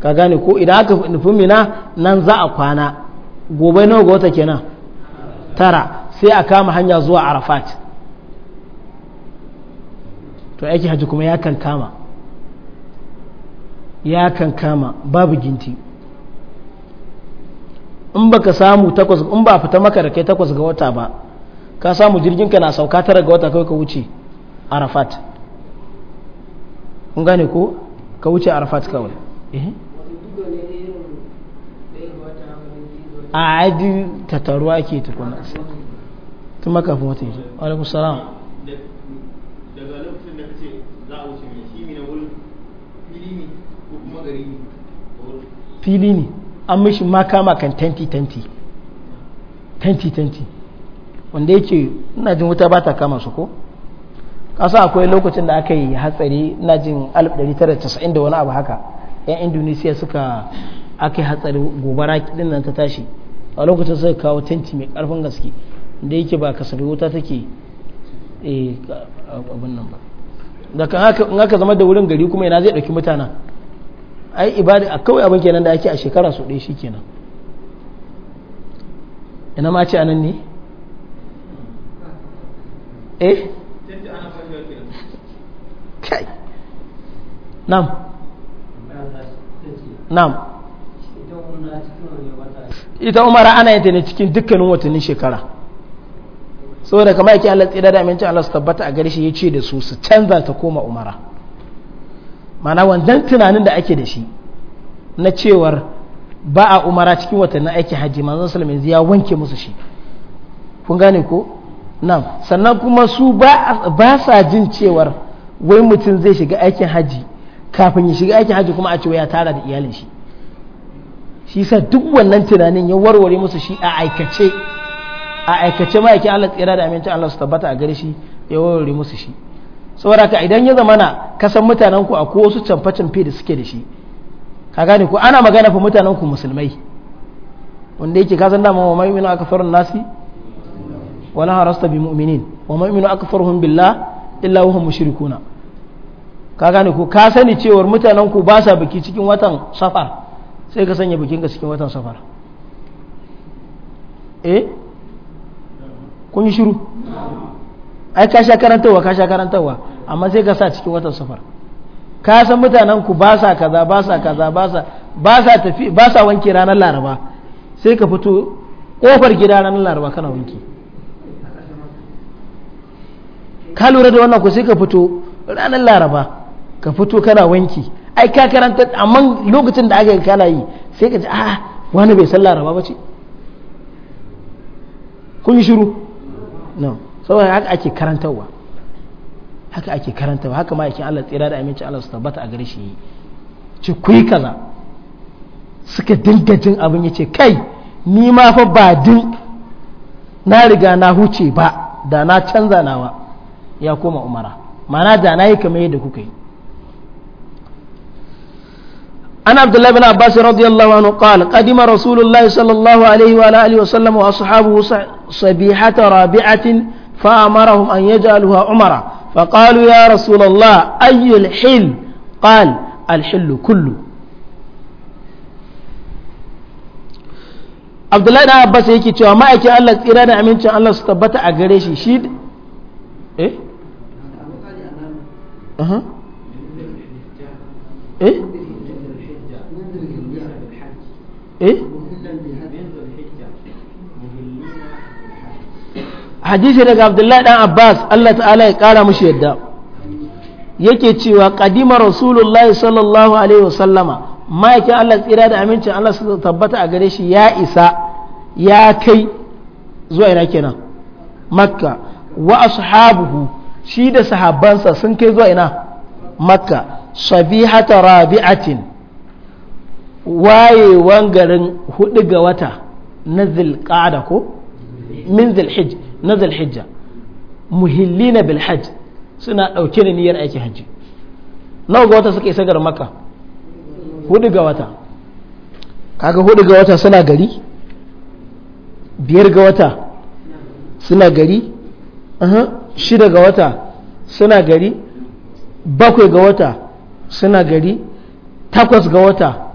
ka gane ko idan aka nufi mina nan za a kwana gobe nawa ga wata kenan tara sai a kama hanya zuwa arafat to aiki hajji kuma ya kan kama ya kan kama babu ginti in baka samu takwas in ba fita maka da kai takwas ga wata ba ka samu jirgin ka na sauka tara ga wata kawai ka wuce arafat kun gane ko ka wuce arafat kawai eh? a adi tattaruwa ke tukuna tun makafin wata yi alaikusalam fili ne an mishi makama kan tenti-tenti tanti tanti wanda yake ina jin wuta ba ta kama su ko kasa akwai lokacin da aka yi hatsari ina jin 1990 da wani abu haka yan indonesiya suka aka yi hatsari gobara din nan ta tashi a lokacin suka kawo tanti mai karfin gaske da yake ba kasafi wuta take eh, abin nan ba da kan haka zama da wurin gari kuma yana zai ɗauki mutanen ai ibada a kawai abin kenan da ake a shekara su ɗaya shikenan ina ma ce anan ne eh kai nam nam ita umara ana yin ne cikin dukkanin watannin shekara saboda kama yake Allah tsira da amincin Allah su tabbata a gare shi ya ce da su su canza ta koma umara mana wanzan tunanin da ake da shi na cewar ba a umara cikin watannin aiki hajji manzon alaihi yanzu ya wanke musu shi kun gane ko nan sannan kuma su ba sa jin cewar wai mutum zai shiga aikin hajji kafin ya shiga aikin haji kuma a ce ya tara da iyalin shi shi sa duk wannan tunanin ya warware musu shi a aikace a aikace ma'aikin Allah tsira da amincin Allah su tabbata a gare shi ya warware musu shi saboda ka idan ya zamana kasan mutanen ku ko su canfa canfe da suke da shi ka gane ku ana magana fa mutanen ku musulmai wanda yake kasan dama wa ma'aminu aka farin nasi wala harasta bi mu'minin wa mu'minu aka billah illa hum mushrikuna ka gane ku ka sani cewar mutanen ku ba sa biki cikin watan safar sai ka sanya bikin ka cikin watan safar eh kun yi shiru ai ka sha karantarwa ka sha karantarwa amma sai ka sa cikin watan safar ka san mutanen ku ba sa kaza ba sa kaza ba sa ba sa tafi ba sa wanke ranar laraba sai ka fito kofar gida ranar laraba kana wanke ka lura da wannan ku sai ka fito ranar laraba ka fito kana wanki ai ka karanta amma lokacin da aka yi kana yi sai ka ji a ah, wani bai san laraba ba ce kun yi shiru no saboda haka ake karantarwa haka ake karantarwa haka ma'aikin Allah tsira da aminci Allah su tabbata a gare shi ci kuyi kaza suka dinga jin abin ya ce kai ni ma fa ba din na riga na huce ba da na canza nawa ya koma umara mana da na yi kamar yadda kuka yi عن عبد الله بن عباس رضي الله عنه قال قدم رسول الله صلى الله عليه وعلى آله وسلم وأصحابه صبيحة رابعة فأمرهم أن يجعلوها عمرا فقالوا يا رسول الله أي الحل قال الحل كله عبد الله بن عباس يكي تشوا ما يكي الله إيران أمين تشوا الله ستبت أجريش يشيد إيه أها إيه إيه hadisi daga abdullahi dan abbas allah ta'ala ya kara mushi yadda yake cewa kadima rasulullahi sallallahu alaihi wasallama ma'aikin allah tsira da amincin allah su tabbata a gare shi ya isa ya kai zuwa ina kenan makka wa ashabuhu shi da sahabbansa sun kai zuwa ina makka sabihata rabi'atin wayewan garin hudu ga wata na zilqada ko min zilhijj na zulhijja muhillina bil hajj suna ɗauke da niyyar aikin hajji nawa ga wata suka isa gar maka hudu ga wata kaga hudu ga wata suna gari biyar ga wata suna gari shida ga wata suna gari bakwai ga wata suna gari takwas ga wata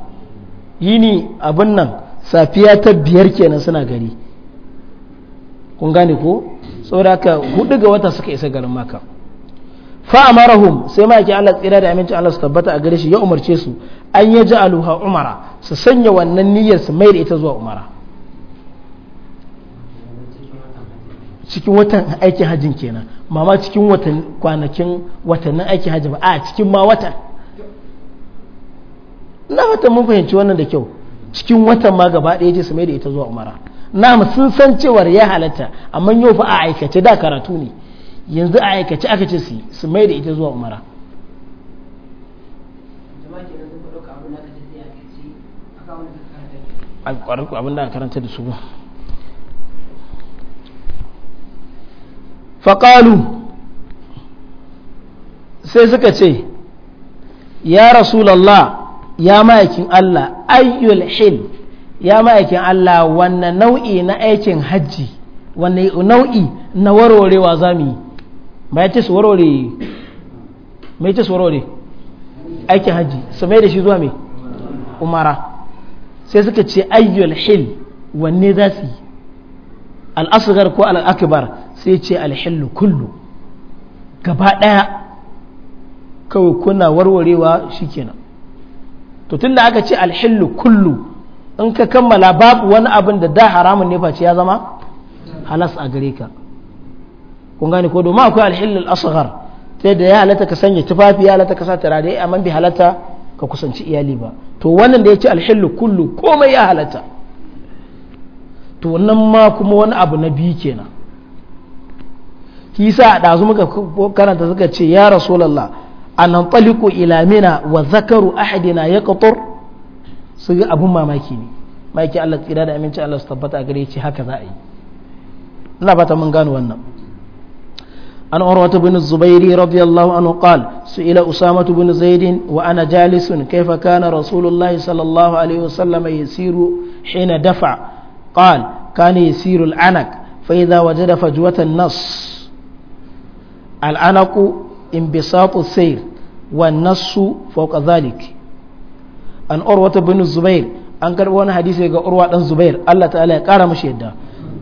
yini abin nan safiya ta biyar kenan suna gari kun gane ko saboda ka hudu ga wata suka isa garin maka fa amarahum sai ma yake Allah tsira da aminci Allah su tabbata a gare shi ya umarce su an ya ji aluha umara su sanya wannan niyyar su mai da ita zuwa umara cikin watan aikin hajjin kenan mama cikin watan kwanakin watannin aikin hajji ba a cikin ma watan na fata mun fahimci wannan da kyau cikin watan ma gaba ɗaya ce su mai da ita zuwa umara namu sun san cewar ya halatta amma yau fa a aikace da karatu ne yanzu a aikace aka ce su su mai da ita zuwa umara faƙalu sai suka ce ya rasulallah ya mayakin Allah ayyul hil ya ma'aikin Allah wanne nau'i na aikin hajji wanne nau'i na warwarewa za mu yi ba ya ce su warware mai ce su warore aikin hajji su mai da shi zuwa mai umara sai suka ce ayyul hil wanne za su yi al'asugar ko al'akibar sai ce alhillu kullu gaba ɗaya kawai kuna warwarewa shikenan to tun da aka ce alhillu kullu in ka kammala babu wani abin da da haramun ne face ya zama halas a gare ka kun gane ko domin akwai alhillul asghar sai da ya halatta ka sanya tufafi ya halatta ka sa turare amma bi halatta ka kusanci iyali ba to wannan da ya ce alhillu kullu komai ya halatta to wannan ma kuma wani abu na biyu kenan kisa a ɗazu muka karanta suka ce ya rasulallah a nan ila mina wa zakaru ahadina ya qatar su ga abun mamaki ne maki Allah tsira da aminci Allah su tabbata a gare shi haka za a yi ina fata mun gano wannan an urwata bin zubairi radiyallahu anhu qal su'ila usama bin zaid wa ana jalisun kaifa kana rasulullahi sallallahu alaihi wasallam yasiru hina dafa qal kana yasiru al-anak fa idha wajada fajwata an-nas al-anaqu inbisatu sayr wan-nasu fawqa dhalik an ta bin zubair an karɓi wani hadisi ga urwa dan zubair Allah ta'ala ya ƙara mashi yadda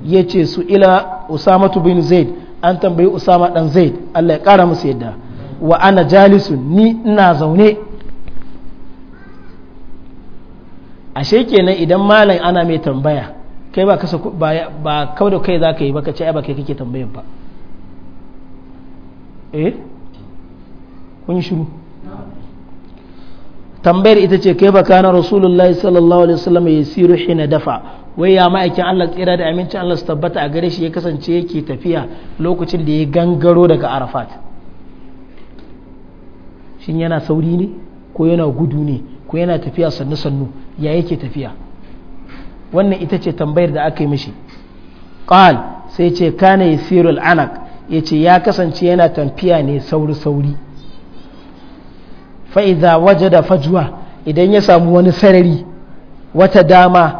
yace su ila usamatu bin zaid an tambayi usama dan zaid Allah ya ƙara musu yadda wa ana jalisu ni na zaune ashe kenan idan malam ana mai tambaya kai ba kasa ba kawai da kai za ka yi ba ka ce ba kai kake tambayar ba eh kun shiru tambayar ita ce kai baka na rasulullahi sallallahu alaihi wasallam ya siru hina dafa wai ya ma'aikin Allah tsira da aminci Allah su tabbata a gare shi ya kasance yake tafiya lokacin da ya gangaro daga Arafat shin yana sauri ne ko yana gudu ne ko yana tafiya sannu sannu ya yake tafiya wannan ita ce tambayar da aka yi mishi qal sai ce kana yasirul anaq yace ya kasance yana tafiya ne sauri sauri fa'iza waje da fajuwa idan ya samu wani sarari wata dama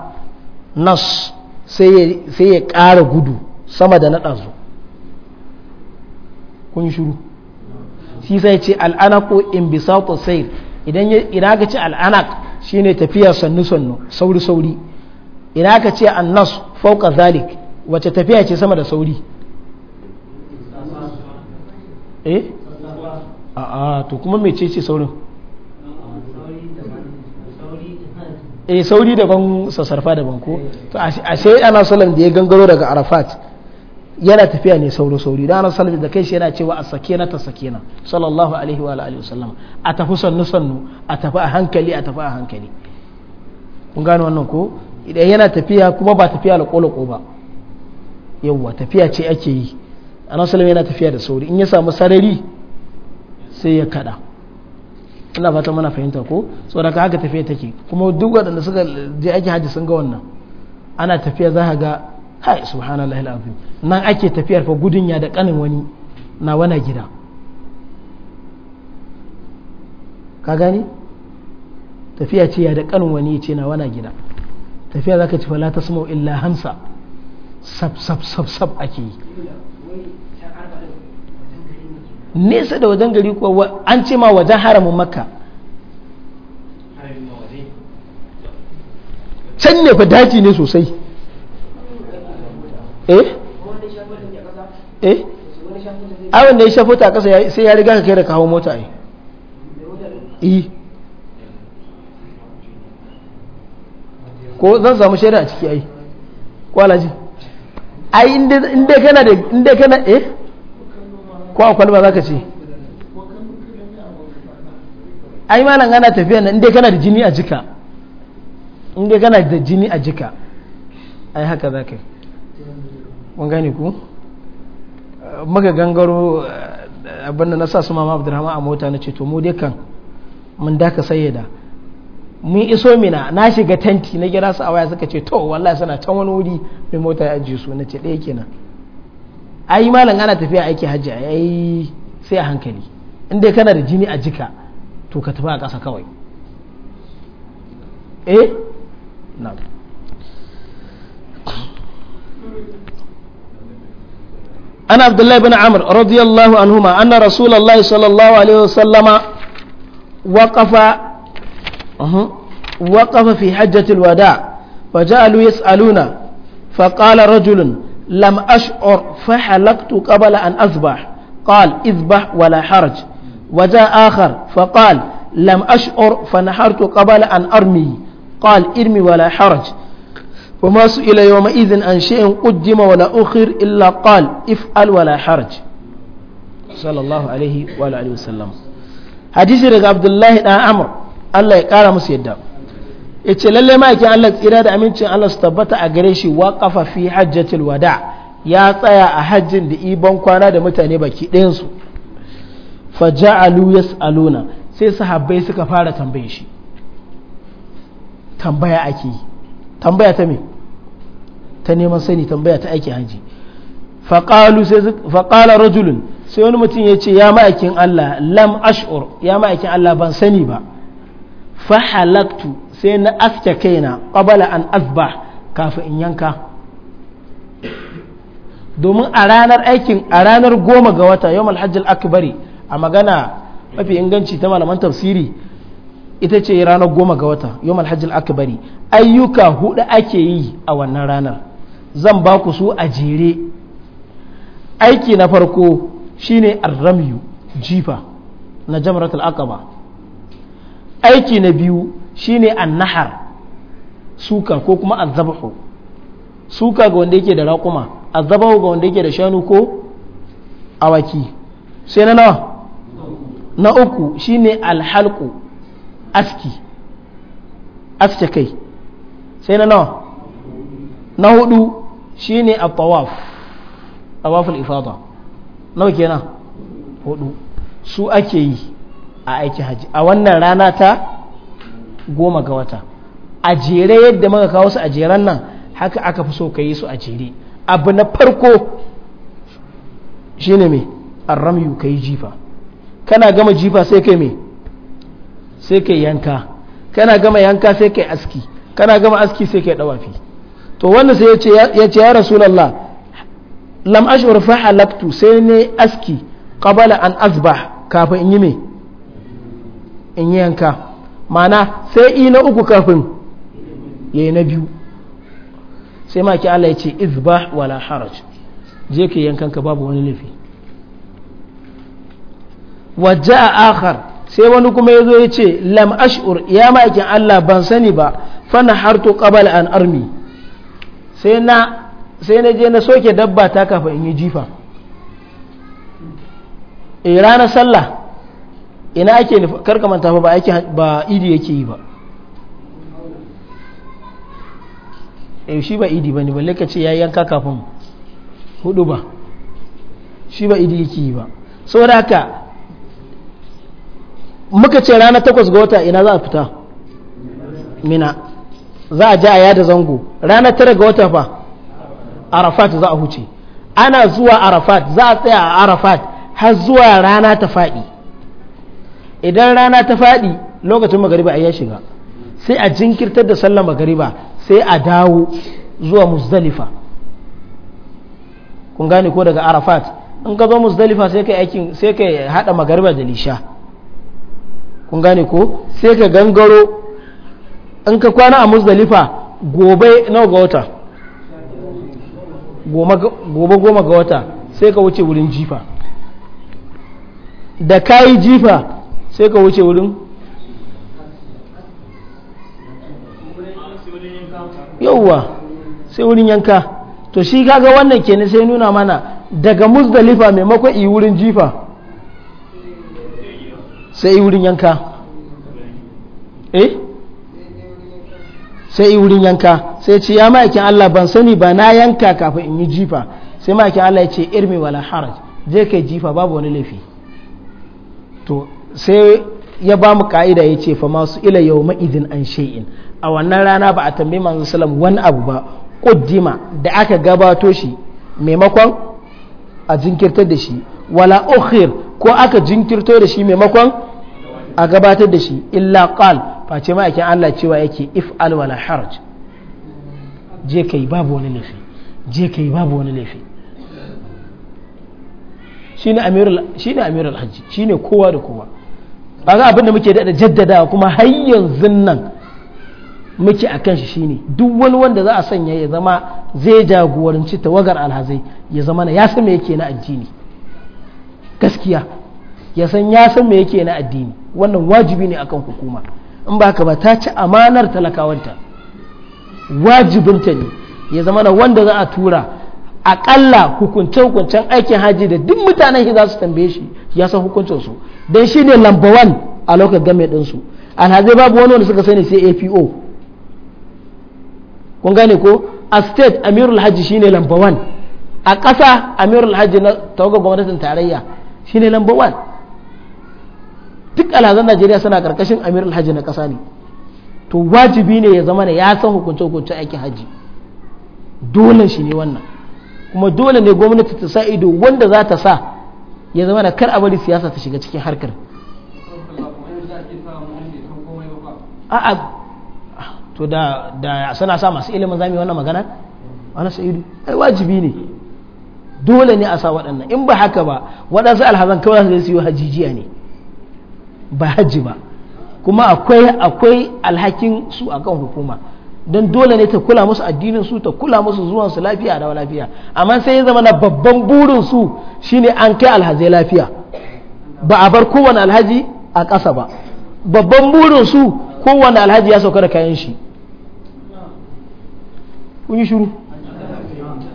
nas sai ya ƙara gudu sama da naɗa zo kun shuru shi sai ce al'anaku in bisatu sayr idan ina ka ce al'anak ne tafiya sannu sannu sauri sauri ina ka ce annas fauka zalik wace tafiya ce sama da sauri eh a to kuma mai ce ce saurin eh sauri daban sassarfa daban ko to ashe ana salam da ya gangaro daga arafat yana tafiya ne sauro sauri da ana salam da kai shi yana cewa sake sakina ta sakina sallallahu alaihi wa alihi wasallam a tafi sannu sannu a tafi a hankali a tafi a hankali kun gane wannan ko idan yana tafiya kuma ba tafiya da lako ba yawwa tafiya ce ake yi ana salam yana tafiya da sauri in ya samu sarari sai ya kada ina fata mana fahimta ko saboda haka tafiya take kuma duk waɗanda suka je ake haji sun ga wannan ana tafiya za ka ga hai subhanallahi alazim nan ake tafiyar fa gudun ya da kanin wani na wana gida ka gani tafiya ce ya da kanin wani ce na wana gida tafiya za ka ci la tasma'u illa hamsa sab sab sab sab ake yi nesa da wajen gari kuwa an ce ma wajen haramun makka can ne fa daji ne sosai eh eh awon da ya shafo ta kasa sai ya riga ka kai da kawo mota ai yi e. ko zan samu shaida a ciki ai kwalaji ai inda kana da inda kana eh ko a kwalba za ka ce ai malam ana tafiya nan inda kana da jini a jika inda kana da jini a jika ai haka za ka yi kun gane ku maka gangaro eh, abinda na sa su mama abdurrahman a mota na ce to mu dai kan mun daka sayyada mun iso mina na shiga tanti na gira su a waya suka ce to wallahi suna can wani wuri mai mota ya ajiye su na ce ɗaya kenan ai malam ana tafiya aiki hajji ai sai a hankali inda kana da jini a jika to ka tafi a ƙasa kawai eh na أنا عبد الله بن عمرو رضي الله عنهما أن رسول الله صلى الله عليه وسلم وقف وقف في حجة الوداع فجعلوا يسألون فقال رجل لم أشعر فحلقت قبل أن أذبح قال اذبح ولا حرج وجاء آخر فقال لم أشعر فنحرت قبل أن أرمي قال ارمي ولا حرج وما سئل يومئذ عن شيء قدم ولا أخر إلا قال افعل ولا حرج صلى الله عليه وآله وسلم حديث رجع عبد الله بن عمرو الله يقال مسيدا yace ce lalle ma'aikin Allah tsira da amincin Allah su tabbata a gare shi wa kafa fi hajjatul wada ya tsaya a hajjin da iban kwana da mutane baki ɗayansu faja'alu yas'aluna sai sahabbai suka fara tambaye shi tambaya ake yi tambaya ta me ta neman sani tambaya ta aiki haji faƙala rajulun sai wani mutum ya ce ya ma'aikin Allah lam ash'ur ya ma'aikin Allah ban sani ba halaktu sai na aske kai na qabala an azba kafin in yanka domin a ranar aikin a ranar goma ga wata yau malhajjal akbari a magana mafi inganci ta malaman tafsiri ita ce ranar goma ga wata yau malhajjal akbari ayyuka hudu ake yi a wannan ranar zan ba ku su a jere aiki na farko shine arramyu jifa na jamratul aqaba aiki na biyu shine annahar suka ko kuma azzabahu suka ga wanda yake da raƙuma azzabahu ga wanda yake da shanu ko awaki sai na nawa na uku shine alhalku aski aske kai sai na nawa na hudu shine at-tawaf tawaf al-ifada nawa kenan hudu su ake yi a aiki haji a wannan rana ta goma ga wata a jere yadda muka kawo su a jeren nan haka aka fi so ka yi su a jere abu na farko shine me arramyu ka yi jifa kana gama jifa sai kai me sai kai yanka kana gama yanka sai kai aski kana gama aski sai kai dawafi to wanda sai ya ce ya rasulallah lam ashur fa halaktu sai ne aski qabala an azbah kafin in yi mai in yi yanka mana sai i na uku kafin ya yi na biyu sai maki Allah ya ce izbah wala haraj je ka yankan ka babu wani laifi wajja akhar sai wani kuma ya zo ya ce lam ash'ur ya ma'aikin Allah ban sani ba fana harto qabal an armi sai na sai na je na soke dabba ta kafa in yi jifa e ranar sallah ina ake karka manta ba yake ba idi yake yi ba eh shi ba idi bane balle ka ce ya yanka kafin hudu ba shi ba idi yake yi ba da haka muka ce rana takwas ga wata ina za a fita mina za a ja a yada zango rana tara ga wata fa arafat za a huce ana zuwa arafat za a tsaya a arafat har zuwa rana ta faɗi idan rana ta faɗi lokacin magariba ai ya shiga sai a jinkirtar da sallar magariba sai a dawo zuwa muzdalifa kun gane ko daga arafat in ka zo muzdalifa sai ka aikin sai ka hada magariba da lisha kun gane ko sai ka gangaro in ka kwana a muzdalifa gobe nawa ga wata gobe goma ga wata sai ka wuce wurin jifa da kayi jifa sai ka wuce wurin yauwa sai wurin yanka to shi kaga wannan kenan sai nuna mana daga musdalifa maimakon yi wurin jifa sai yi wurin yanka eh sai yi wurin yanka sai ce ya ma'aikin Allah ban sani ba na yanka kafin in yi jifa sai ma'aikin Allah ya ce irmi wala haraj je kai jifa babu wani laifi to sai ya ba mu ka'ida ya ce fa masu ila yau ma'izin an shi'in a wannan rana ba a tambayi manzo salam wani abu ba kuddima da aka gabato shi maimakon a jinkirtar da shi wala ukhir ko aka jinkirto da shi maimakon a gabatar da shi illa qal face ma'aikin Allah cewa yake if wala harj je kai babu wani laifi je kai babu wani laifi shine amirul shine amirul hajji shine kowa da kowa kaga abin da muke da jaddada kuma har yanzu nan muke a kan shi shine duk wani wanda za a sanya ya zama zai jagoranci tawagar alhazai ya zama na ya san me yake na addini gaskiya ya san ya san me yake na addini wannan wajibi ne akan hukuma in ba ka ba ta ci amanar talakawanta wajibinta ne ya zama na wanda za a tura akalla hukunce hukuncen aikin haji da duk mutanen shi za su tambaye shi ya san hukuncin su dan shi ne lamba wan a lokacin game din su alhazai babu wani wanda suka sani sai APO kun gane ko a state amirul shi shine lamba wan a ƙasa amirul haji na tawagar gwamnatin tarayya shine lamba wan duk alhazan najeriya suna karkashin amirul haji na ƙasa ne to wajibi ne ya zama ne ya san hukunce hukunce aikin hajji dole shi ne wannan kuma dole ne gwamnati ta sa ido wanda za ta sa ya zama na kar a bari siyasa ta shiga cikin harkar a'a to da da sana sa masu ilimin zami wannan magana Wannan sa'idu ai wajibi ne dole ne a sa waɗannan in ba haka ba waɗansu alhazan kawai za su yi hajijiya ne ba hajji ba kuma akwai akwai alhakin su akan hukuma don dole ne ta kula musu addinin su ta kula musu zuwan su lafiya da lafiya amma sai ya zama na babban burin su shine an kai alhaji lafiya ba a bar kowane alhaji a ƙasa ba babban burin su kowane alhaji ya sauka da kayan shi kun yi shiru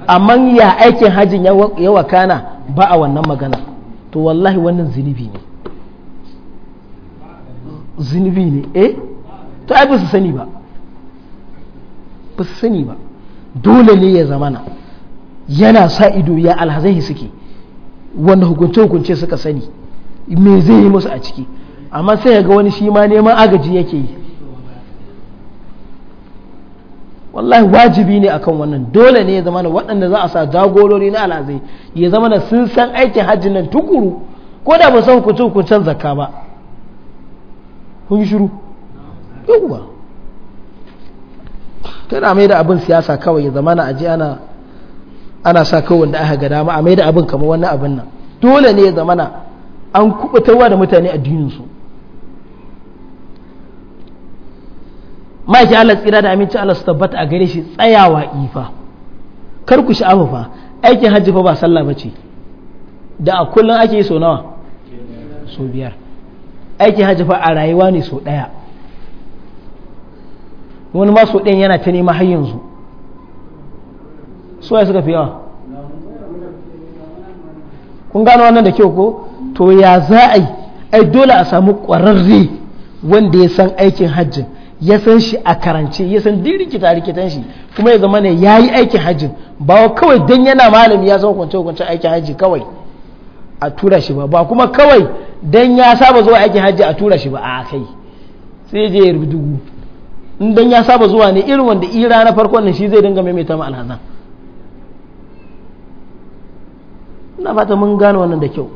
amma ya aikin hajjin ya wakana ba a wannan magana to wallahi wannan zunubi ne zunubi ne eh to ai ba su sani ba ba su sani ba dole ne ya zamana yana sa ido ya alhazai suke wanda hukunce-hukunce suka sani me zai yi musu a ciki amma sai ya ga wani shi ma neman agaji yake yi wallahi wajibi ne akan wannan dole ne ya zama na waɗanda za a sa jagorori na alhazai ya zama na sun san aikin hajji nan tukuru ko da ba san hukunce hukuncen zakka ba kun shiru yawwa kada mai da abin siyasa kawai ya zamana ji ana ana sa kawai wanda aka ga dama a mai da abin kamar wannan abin nan dole ne ya zamana an kubutarwa da mutane addinin su Maki Allah tsira da aminci Allah su tabbata a gare shi tsayawa ifa kar ku sha'afa fa aikin hajji fa ba sallah bace da a kullum ake yi so nawa so biyar aikin hajji fa a rayuwa ne so daya wani maso ɗin yana ta nema har yanzu su suka fi yawa kun gano wannan da kyau ko to ya za a yi ai dole a samu ƙwararre wanda ya san aikin hajjin ya san shi a karance ya san rikita rikitan shi kuma ya zama ne ya yi aikin hajjin ba kawai don yana malami ya san kwance kwance aikin hajji kawai a tura shi ba ba kuma kawai don ya saba zuwa aikin hajji a tura shi ba a kai sai je ya rubutu in dan ya saba zuwa ne irin wanda ira na farkon nan shi zai dinga maimaita ma alhazan ina fata mun gano wannan da kyau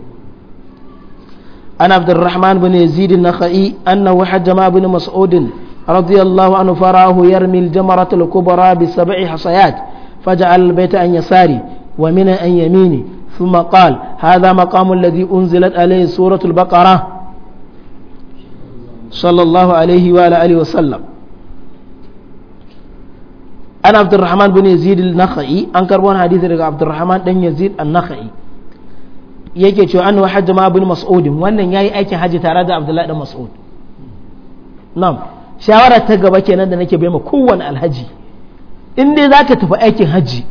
an abdurrahman bin yazid an-nakhai annahu hajjama bin mas'ud radiyallahu anhu farahu yarmil al al-kubra bi sab'i hasayat faj'al al-bayta an yasari wa min an yamini thumma qala hadha maqamu alladhi unzilat alayhi suratu al sallallahu alayhi wa alihi wa sallam an abdurrahman bin yazid al-nakhai an karbo wani hadisi daga abdurrahman dan yazid al-nakhai yake cewa an wa ma bin mas'ud wannan yayi aikin haji tare da abdullahi dan mas'ud na'am shawara ta gaba kenan da nake bai ma kowanne alhaji in dai zaka tafi aikin haji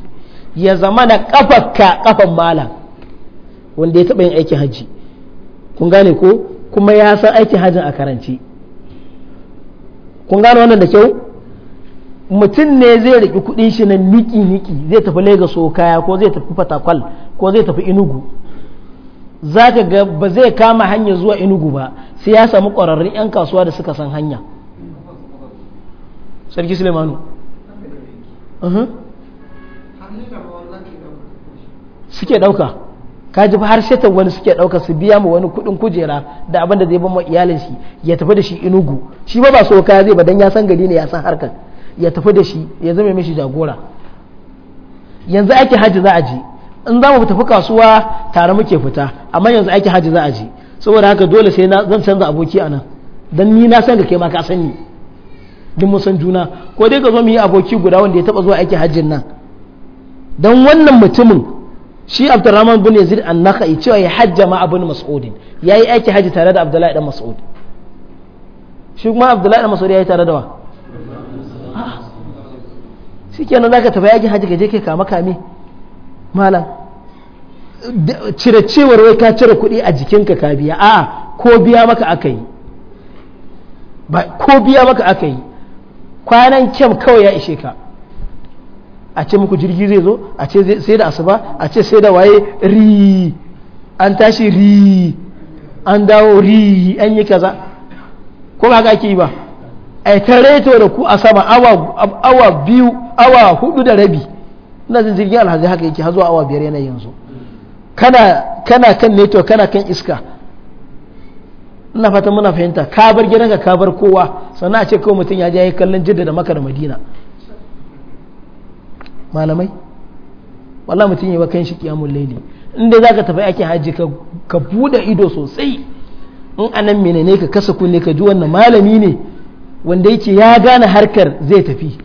ya zama na kafarka kafan malam wanda ya taɓa yin aikin haji kun gane ko kuma ya san aikin hajin a karanci kun gane wannan da kyau mutum ne zai riƙi kuɗin shi na niki-niki zai tafi lagos kaya ko zai tafi fatakwal ko zai tafi inugu za ka ga ba zai kama hanya zuwa inugu ba sai ya samu ƙwararrun 'yan kasuwa da suka san hanya sarki sulemanu suke ɗauka ka ji har shetan wani suke ɗauka su biya ma wani kuɗin kujera da abin da zai ban ma iyalin shi ya tafi da shi inugu shi ba ba so kaya zai ba dan ya san gari ne ya san harkar ya tafi da shi ya zama mishi jagora yanzu ake hajji za a ji in za mu tafi kasuwa tare muke fita amma yanzu ake hajji za a ji saboda haka dole sai na zan canza aboki a nan don ni na san ka kai ma ka sani duk mun san juna ko dai ka zo mu yi aboki guda wanda ya taba zuwa aiki hajjin nan don wannan mutumin shi abdurrahman bin yazid annakai cewa ya hajja ma abin Mas'ud yayi aiki hajji tare da abdullahi dan mas'ud shi kuma abdullahi dan mas'ud yayi tare da wa za zaka tafi yakin hajji ka je kai kama kame malam cire cewar wai ka cire kuɗi a jikinka ka biya a'a ko biya maka aka yi ko biya maka aka yi kwanan kyam kawai ya ishe ka a ce muku jirgi zai zo a ce sai da asuba a ce sai da waye ri an tashi ri an dawo ri an yi kaza ko ba ka ake yi ba ai ta reto da ku a sama awa biyu awa hudu da rabi na jin jirgin alhazi haka yake har zuwa awa biyar yana yanzu kana na kan neto kana kan iska ina fata muna fahimta ka bar gidanka ka bar kowa sannan a ce kawai mutum ya je kallon jidda da maka da madina malamai wala mutum yi wa kan shi kiyamun laili inda za ka tafi ake hajji ka buɗe ido sosai in anan menene ka kasa kunne ka ji wannan malami ne wanda yake ya gane harkar zai tafi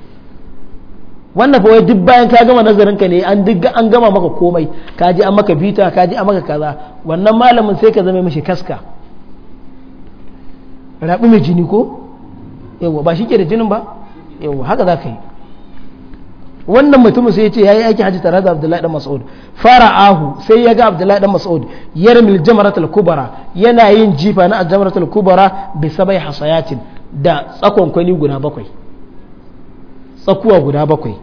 wannan fa wai duk bayan ka gama nazarin ka ne an duk an gama maka komai ka ji an maka bita ka ji an maka kaza wannan malamin sai ka zama mishi kaska rabu mai jini ko yawa ba shi ke da jinin ba yawa haka za ka yi wannan mutum sai ya ce ya yi aiki haji tare da abdullahi dan mas'ud fara'ahu sai ya ga abdullahi dan mas'ud yarmil jamaratul kubara yana yin jifa na jamaratul kubara bi sabai hasayatin da tsakon kwani guda bakwai tsakuwa guda bakwai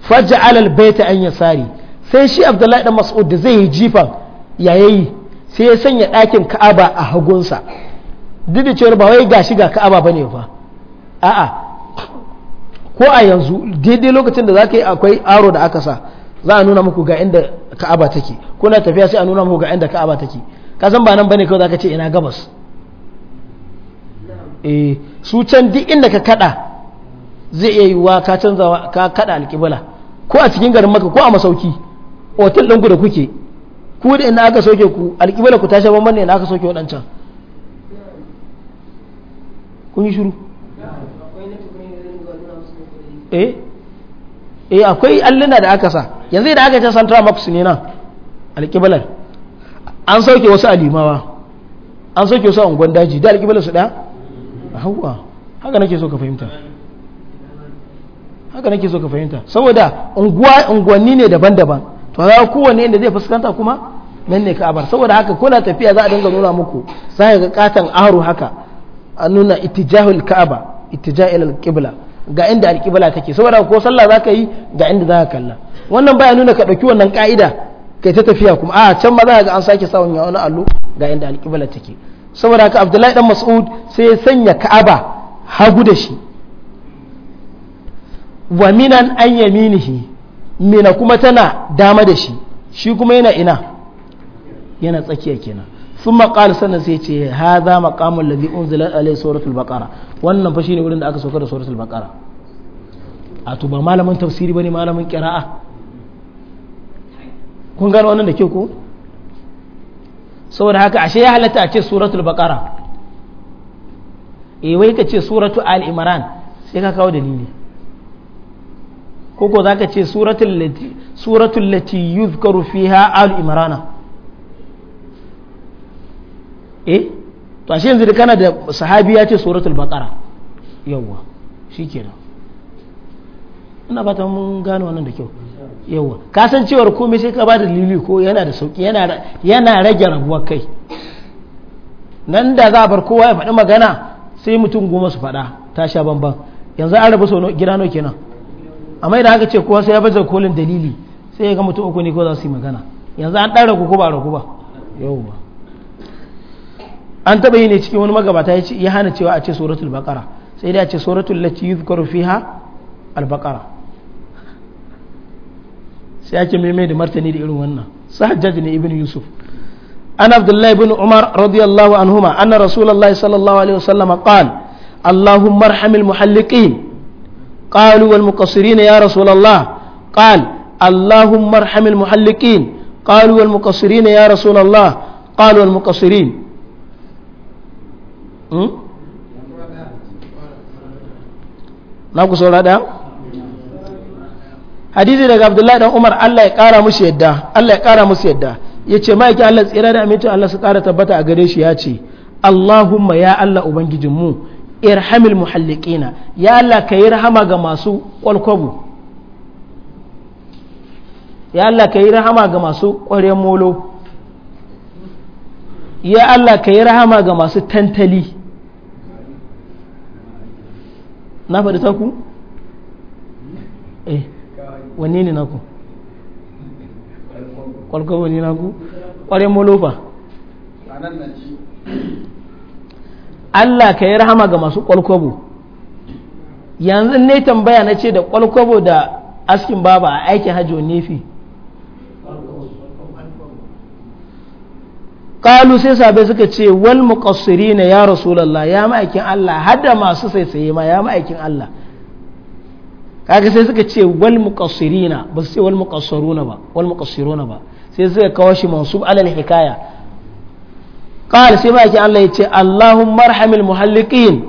faja alal baita an yasari sai shi abdullahi dan mas'ud da zai yi jifan yayayi sai ya sanya ɗakin ka'aba a hagunsa duk da cewa ba wai gashi ga ka'aba bane fa a'a ko a yanzu daidai lokacin da za ka yi akwai aro da aka sa za a nuna muku ga inda ka'aba take kuna tafiya sai a nuna muku ga inda ka'aba take ka san ba nan bane kawai za ka ce ina gabas eh su can duk inda ka kada zai iya yiwuwa ka canza ka kada alƙibla ko a cikin garin maka ko a masauki otal ɗinku da kuke ku da ina aka soke ku alƙibla ku tashi bambam ne ina aka soke waɗancan kun yi shuru eh? eh akwai alluna da aka sa yanzu da aka ce central max ne nan alƙiblar an sauke wasu alimawa an sauke wasu a daji da alƙiblar su ɗaya hawa haka nake so ka fahimta haka nake so ka fahimta saboda unguwanni ne daban-daban to za kowanne inda zai fuskanta kuma nan ne bar saboda haka kuna tafiya za a dinga nuna muku sai ga katan aro haka an nuna ittijahul ka'aba ittijahil al-qibla ga inda alƙibla take saboda ko sallah za ka yi ga inda za ka kalla wannan baya nuna ka dauki wannan ka'ida kai ta tafiya kuma a can ma za ka ga an sake sa wani allo ga inda alƙibla take saboda ka abdullahi dan mas'ud sai ya sanya ka'aba hagu da shi wa minan an yaminihi mina kuma tana dama da shi shi kuma yana ina yana tsakiya kenan sun maƙal sannan sai ce ha za maƙamun lazi unzila alai suratul baqara wannan fa shine wurin da aka sauka da suratul baqara a to ba malamin tafsiri bane malamin qira'a kun gano wannan da ke ko saboda haka ashe ya halatta a ce suratul baqara eh wai ka ce suratu al imran sai ka kawo dalili koko zaka ce suratul lati suratul lati yuzkaru fiha al imran eh to ashe yanzu kana da sahabi ya ce suratul baqara yawa shikenan ina fata mun gane wannan da kyau yawa kasancewar komai sai ka ba da lili ko yana da sauki yana rage rabuwar kai nan da za a bar kowa ya faɗi magana sai mutum goma su faɗa ta sha bambam yanzu an rabu sau gida nau kenan amma idan haka ce kowa sai ya baje kolin dalili sai ya ga mutum uku ne ko za su yi magana yanzu an ɗan ragu ko ba ragu ba yawa an taɓa yi ne cikin wani magabata ya hana cewa a ce suratul bakara sai dai a ce suratul lati yuzkaru fiha al-baqara sai ake mai da martani da irin wannan sa ne ibn yusuf an abdullahi ibn umar radiyallahu anhuma anna rasulullahi sallallahu alaihi wasallam qala allahumma arhamil muhalliqin قالوا والمقصرين يا رسول الله قال اللهم ارحم المحلقين قالوا والمقصرين يا رسول الله قالوا والمقصرين ناقص ولا ده hadisi daga abdullahi dan umar allah ya kara musu yadda allah ya kara musu yadda ya ce ma'aikin allah tsira da amincin allah su kara tabbata a gare shi ya ce allahumma ya allah ubangijinmu irhamil muhalliqina ya allah ka yi rahama ga masu kwalkwabu ya allah ka yi rahama ga masu ƙwaryen molo ya allah ka yi rahama ga masu tantali na faɗi ta ku eh wanne ne naku kwalkwabo ne naku kwarin molofa Allah ka yi rahama ga masu kwalkwabo yanzu ne tambaya na ce da kwalkwabo da askin baba a aikin hajjo nefi kalu sai sabe suka ce wal muqassiri na ya rasulallah ya ma'aikin Allah hadda masu saisaye ma ya ma'aikin Allah kaga sai suka ce wal muqassirina ba su ce wal muqassiruna ba wal muqassiruna ba sai suka kawo shi mansub alal hikaya qala sai baki Allah ya ce Allahumma arhamil muhalliqin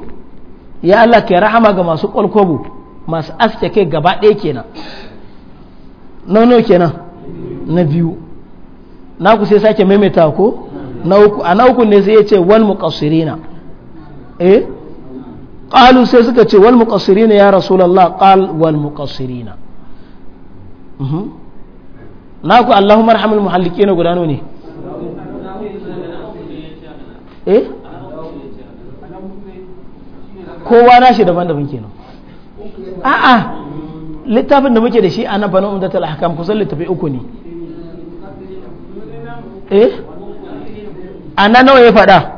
ya Allah kai rahama ga masu kwalkwabo masu aske kai gaba ɗaya kenan nono kenan na biyu na ku sai sake maimaita ko na uku a na uku ne sai ya ce wal muqassirina eh qalu sai suka ce wal muqassirina ya rasulullah qal wal muqassirina naku allahumma arhamul muhalliqina guda ne eh kowa nashi daban-daban littafin da muke da shi a na banu ahkam kusan littafi uku ne eh ana nawa ya faɗa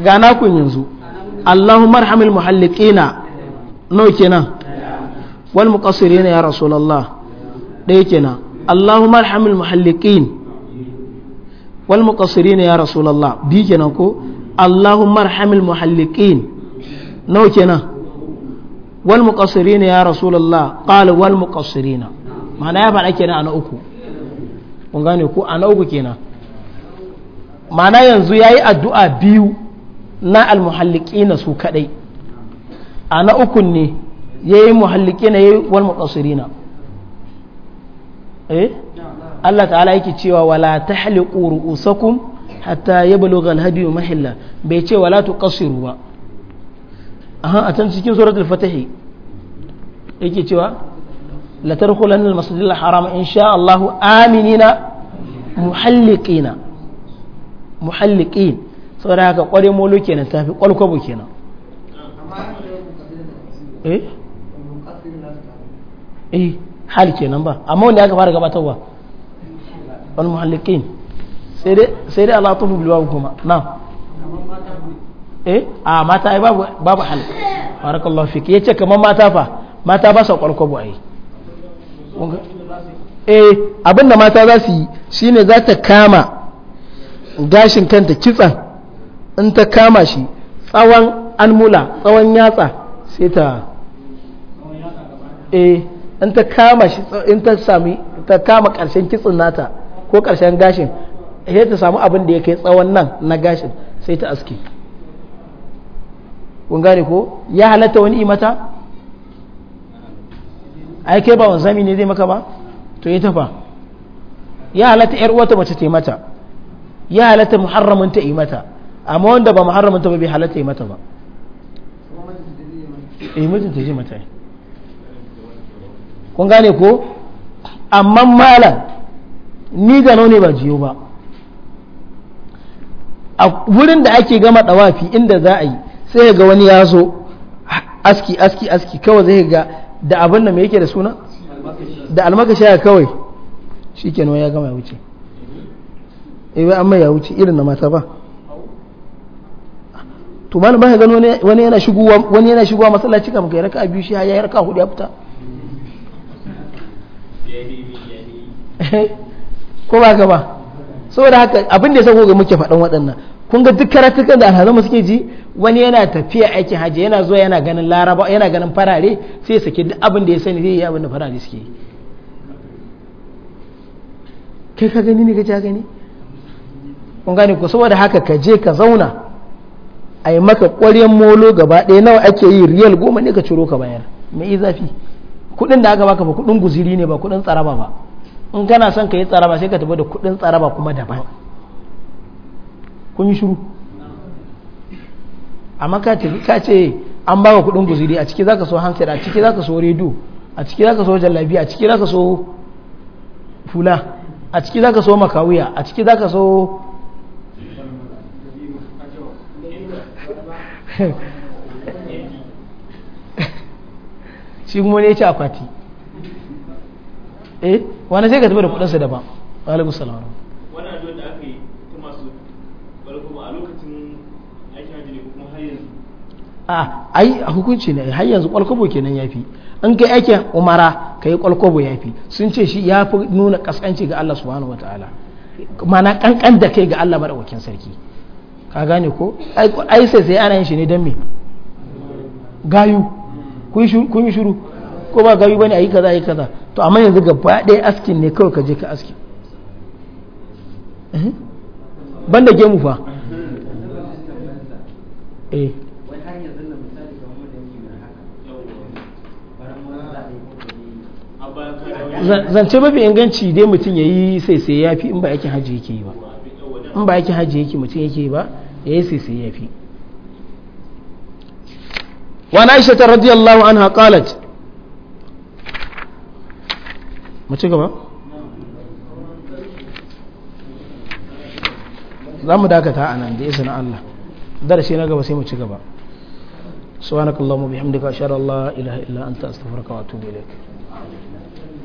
ga nakun yanzu Allahumma arhamil muhalliqina no kenan wal muqassirina ya rasulullah dai kenan Allahumma arhamil muhalliqin wal muqassirina ya rasulallah bi kenan ko Allahumma arhamil muhalliqin no kenan wal muqassirina ya rasulallah qala wal muqassirina ma'ana ya faɗa kenan ana uku kun gane ko ana uku kenan ma'ana yanzu ya yi addu'a biyu na almuhalliqina su kadai a na ukun ne yayi muhalliqina yayi wal muqassirina eh Allah ta'ala yake cewa wala tahliqu ru'usakum hatta yablugha al-hadi mahilla bai ce wala tuqassiru ba aha a can cikin suratul fatihi yake cewa la tarkhulanna al-masjidil haram insha Allah aminina muhalliqina muhalliqin saboda haka ƙware molo kenan tafi ƙwalkwabo kenan eh eh hal kenan ba amma wanda aka fara gabatarwa wal muhallikin sai dai sai dai Allah tubu bilwa kuma na eh a mata yi babu babu hal barakallahu fiki ce kamar mata fa mata ba sa a yi eh abinda mata za su yi shine za ta kama gashin kanta kitsan in ta kama shi tsawon almula tsawon yatsa sai ta eh in ta kama shi in ta sami ta kama karshen kitsin nata ko karshen gashin sai ta samu abin da ya kai tsawon nan na gashin sai ta aske kun gane ko ya halatta wani imata ai kai ba wanzami ne zai maka ba to ya tafa ya halatta yar uwata mace ta mata ya halatta muharramin ta imata amma wanda ba muharramin ta ba bai halatta yi mata ba eh ta ji mata kun gane ko amma malam ni gano ne ba jiyo ba a wurin da ake gama dawafi inda za a yi sai ga wani ya zo aski aski aski kawai zai ga da abin da mai yake da suna da almakashi ya kawai shi ya gama ya wuce eh amma ya wuce irin na mata ba to malam ba gano wani yana shigowa wani yana shigowa masallaci kamar kai raka biyu shi ya yi raka hudu ya fita ko ba ka ba saboda haka abin da ya sako ga muke faɗan waɗannan kun ga duk karatukan da alhazan suke ji wani yana tafiya aikin hajji yana zuwa yana ganin laraba yana ganin farare sai sake duk abin da ya sani zai yi abin da farare suke yi kai ka gani ne ka ja gani kun gane ko saboda haka ka je ka zauna a yi maka ƙwaryen molo gaba ɗaya nawa ake yi riyal goma ne ka ciro ka bayar mai yi zafi kuɗin da aka baka ba kuɗin guziri ne ba kuɗin tsaraba ba in kana son ka yi tsaraba sai ka tafi da kuɗin tsaraba kuma daban kun yi shiru amma ka ce ka ce an baka kuɗin guziri a ciki zaka so handset a ciki zaka so rediyo a ciki zaka so jallabi a ciki zaka so fula a ciki zaka so makawiya a ciki zaka so shi kuma ne ya ci akwati eh wani sai ka tafi da kudinsa daban alaikun salam wani addu'a da aka yi ta masu balkuma a lokacin aikin hajji ne kuma har yanzu a a hukunci ne har yanzu kwalkwabo kenan fi an kai aikin umara ka yi kwalkwabo ya fi sun ce shi ya fi nuna kaskanci ga Allah subhanahu wataala mana kankan da kai ga Allah madaukakin sarki ka gane ko ai sai sai ana yin shi ne don me gayu kun yi shuru ko ba gayu bane ayi kaza yi kaza to amma yanzu gaba ɗaya askin ne kawai ka je ka askin. Eh? banda gemu fa eh zance mafi inganci dai mutum ya yi sai sai ya fi in ba yakin hajji yake yi ba in ba yakin hajji yake mutum yake yi ba ya yi sisi ya ta radiyallahu anha qalat mu gaba za mu dakata a nan da izinin Allah na gaba sai mu ci gaba subhanakallahumma bihamdika ashhadu an la ilaha illa anta astaghfiruka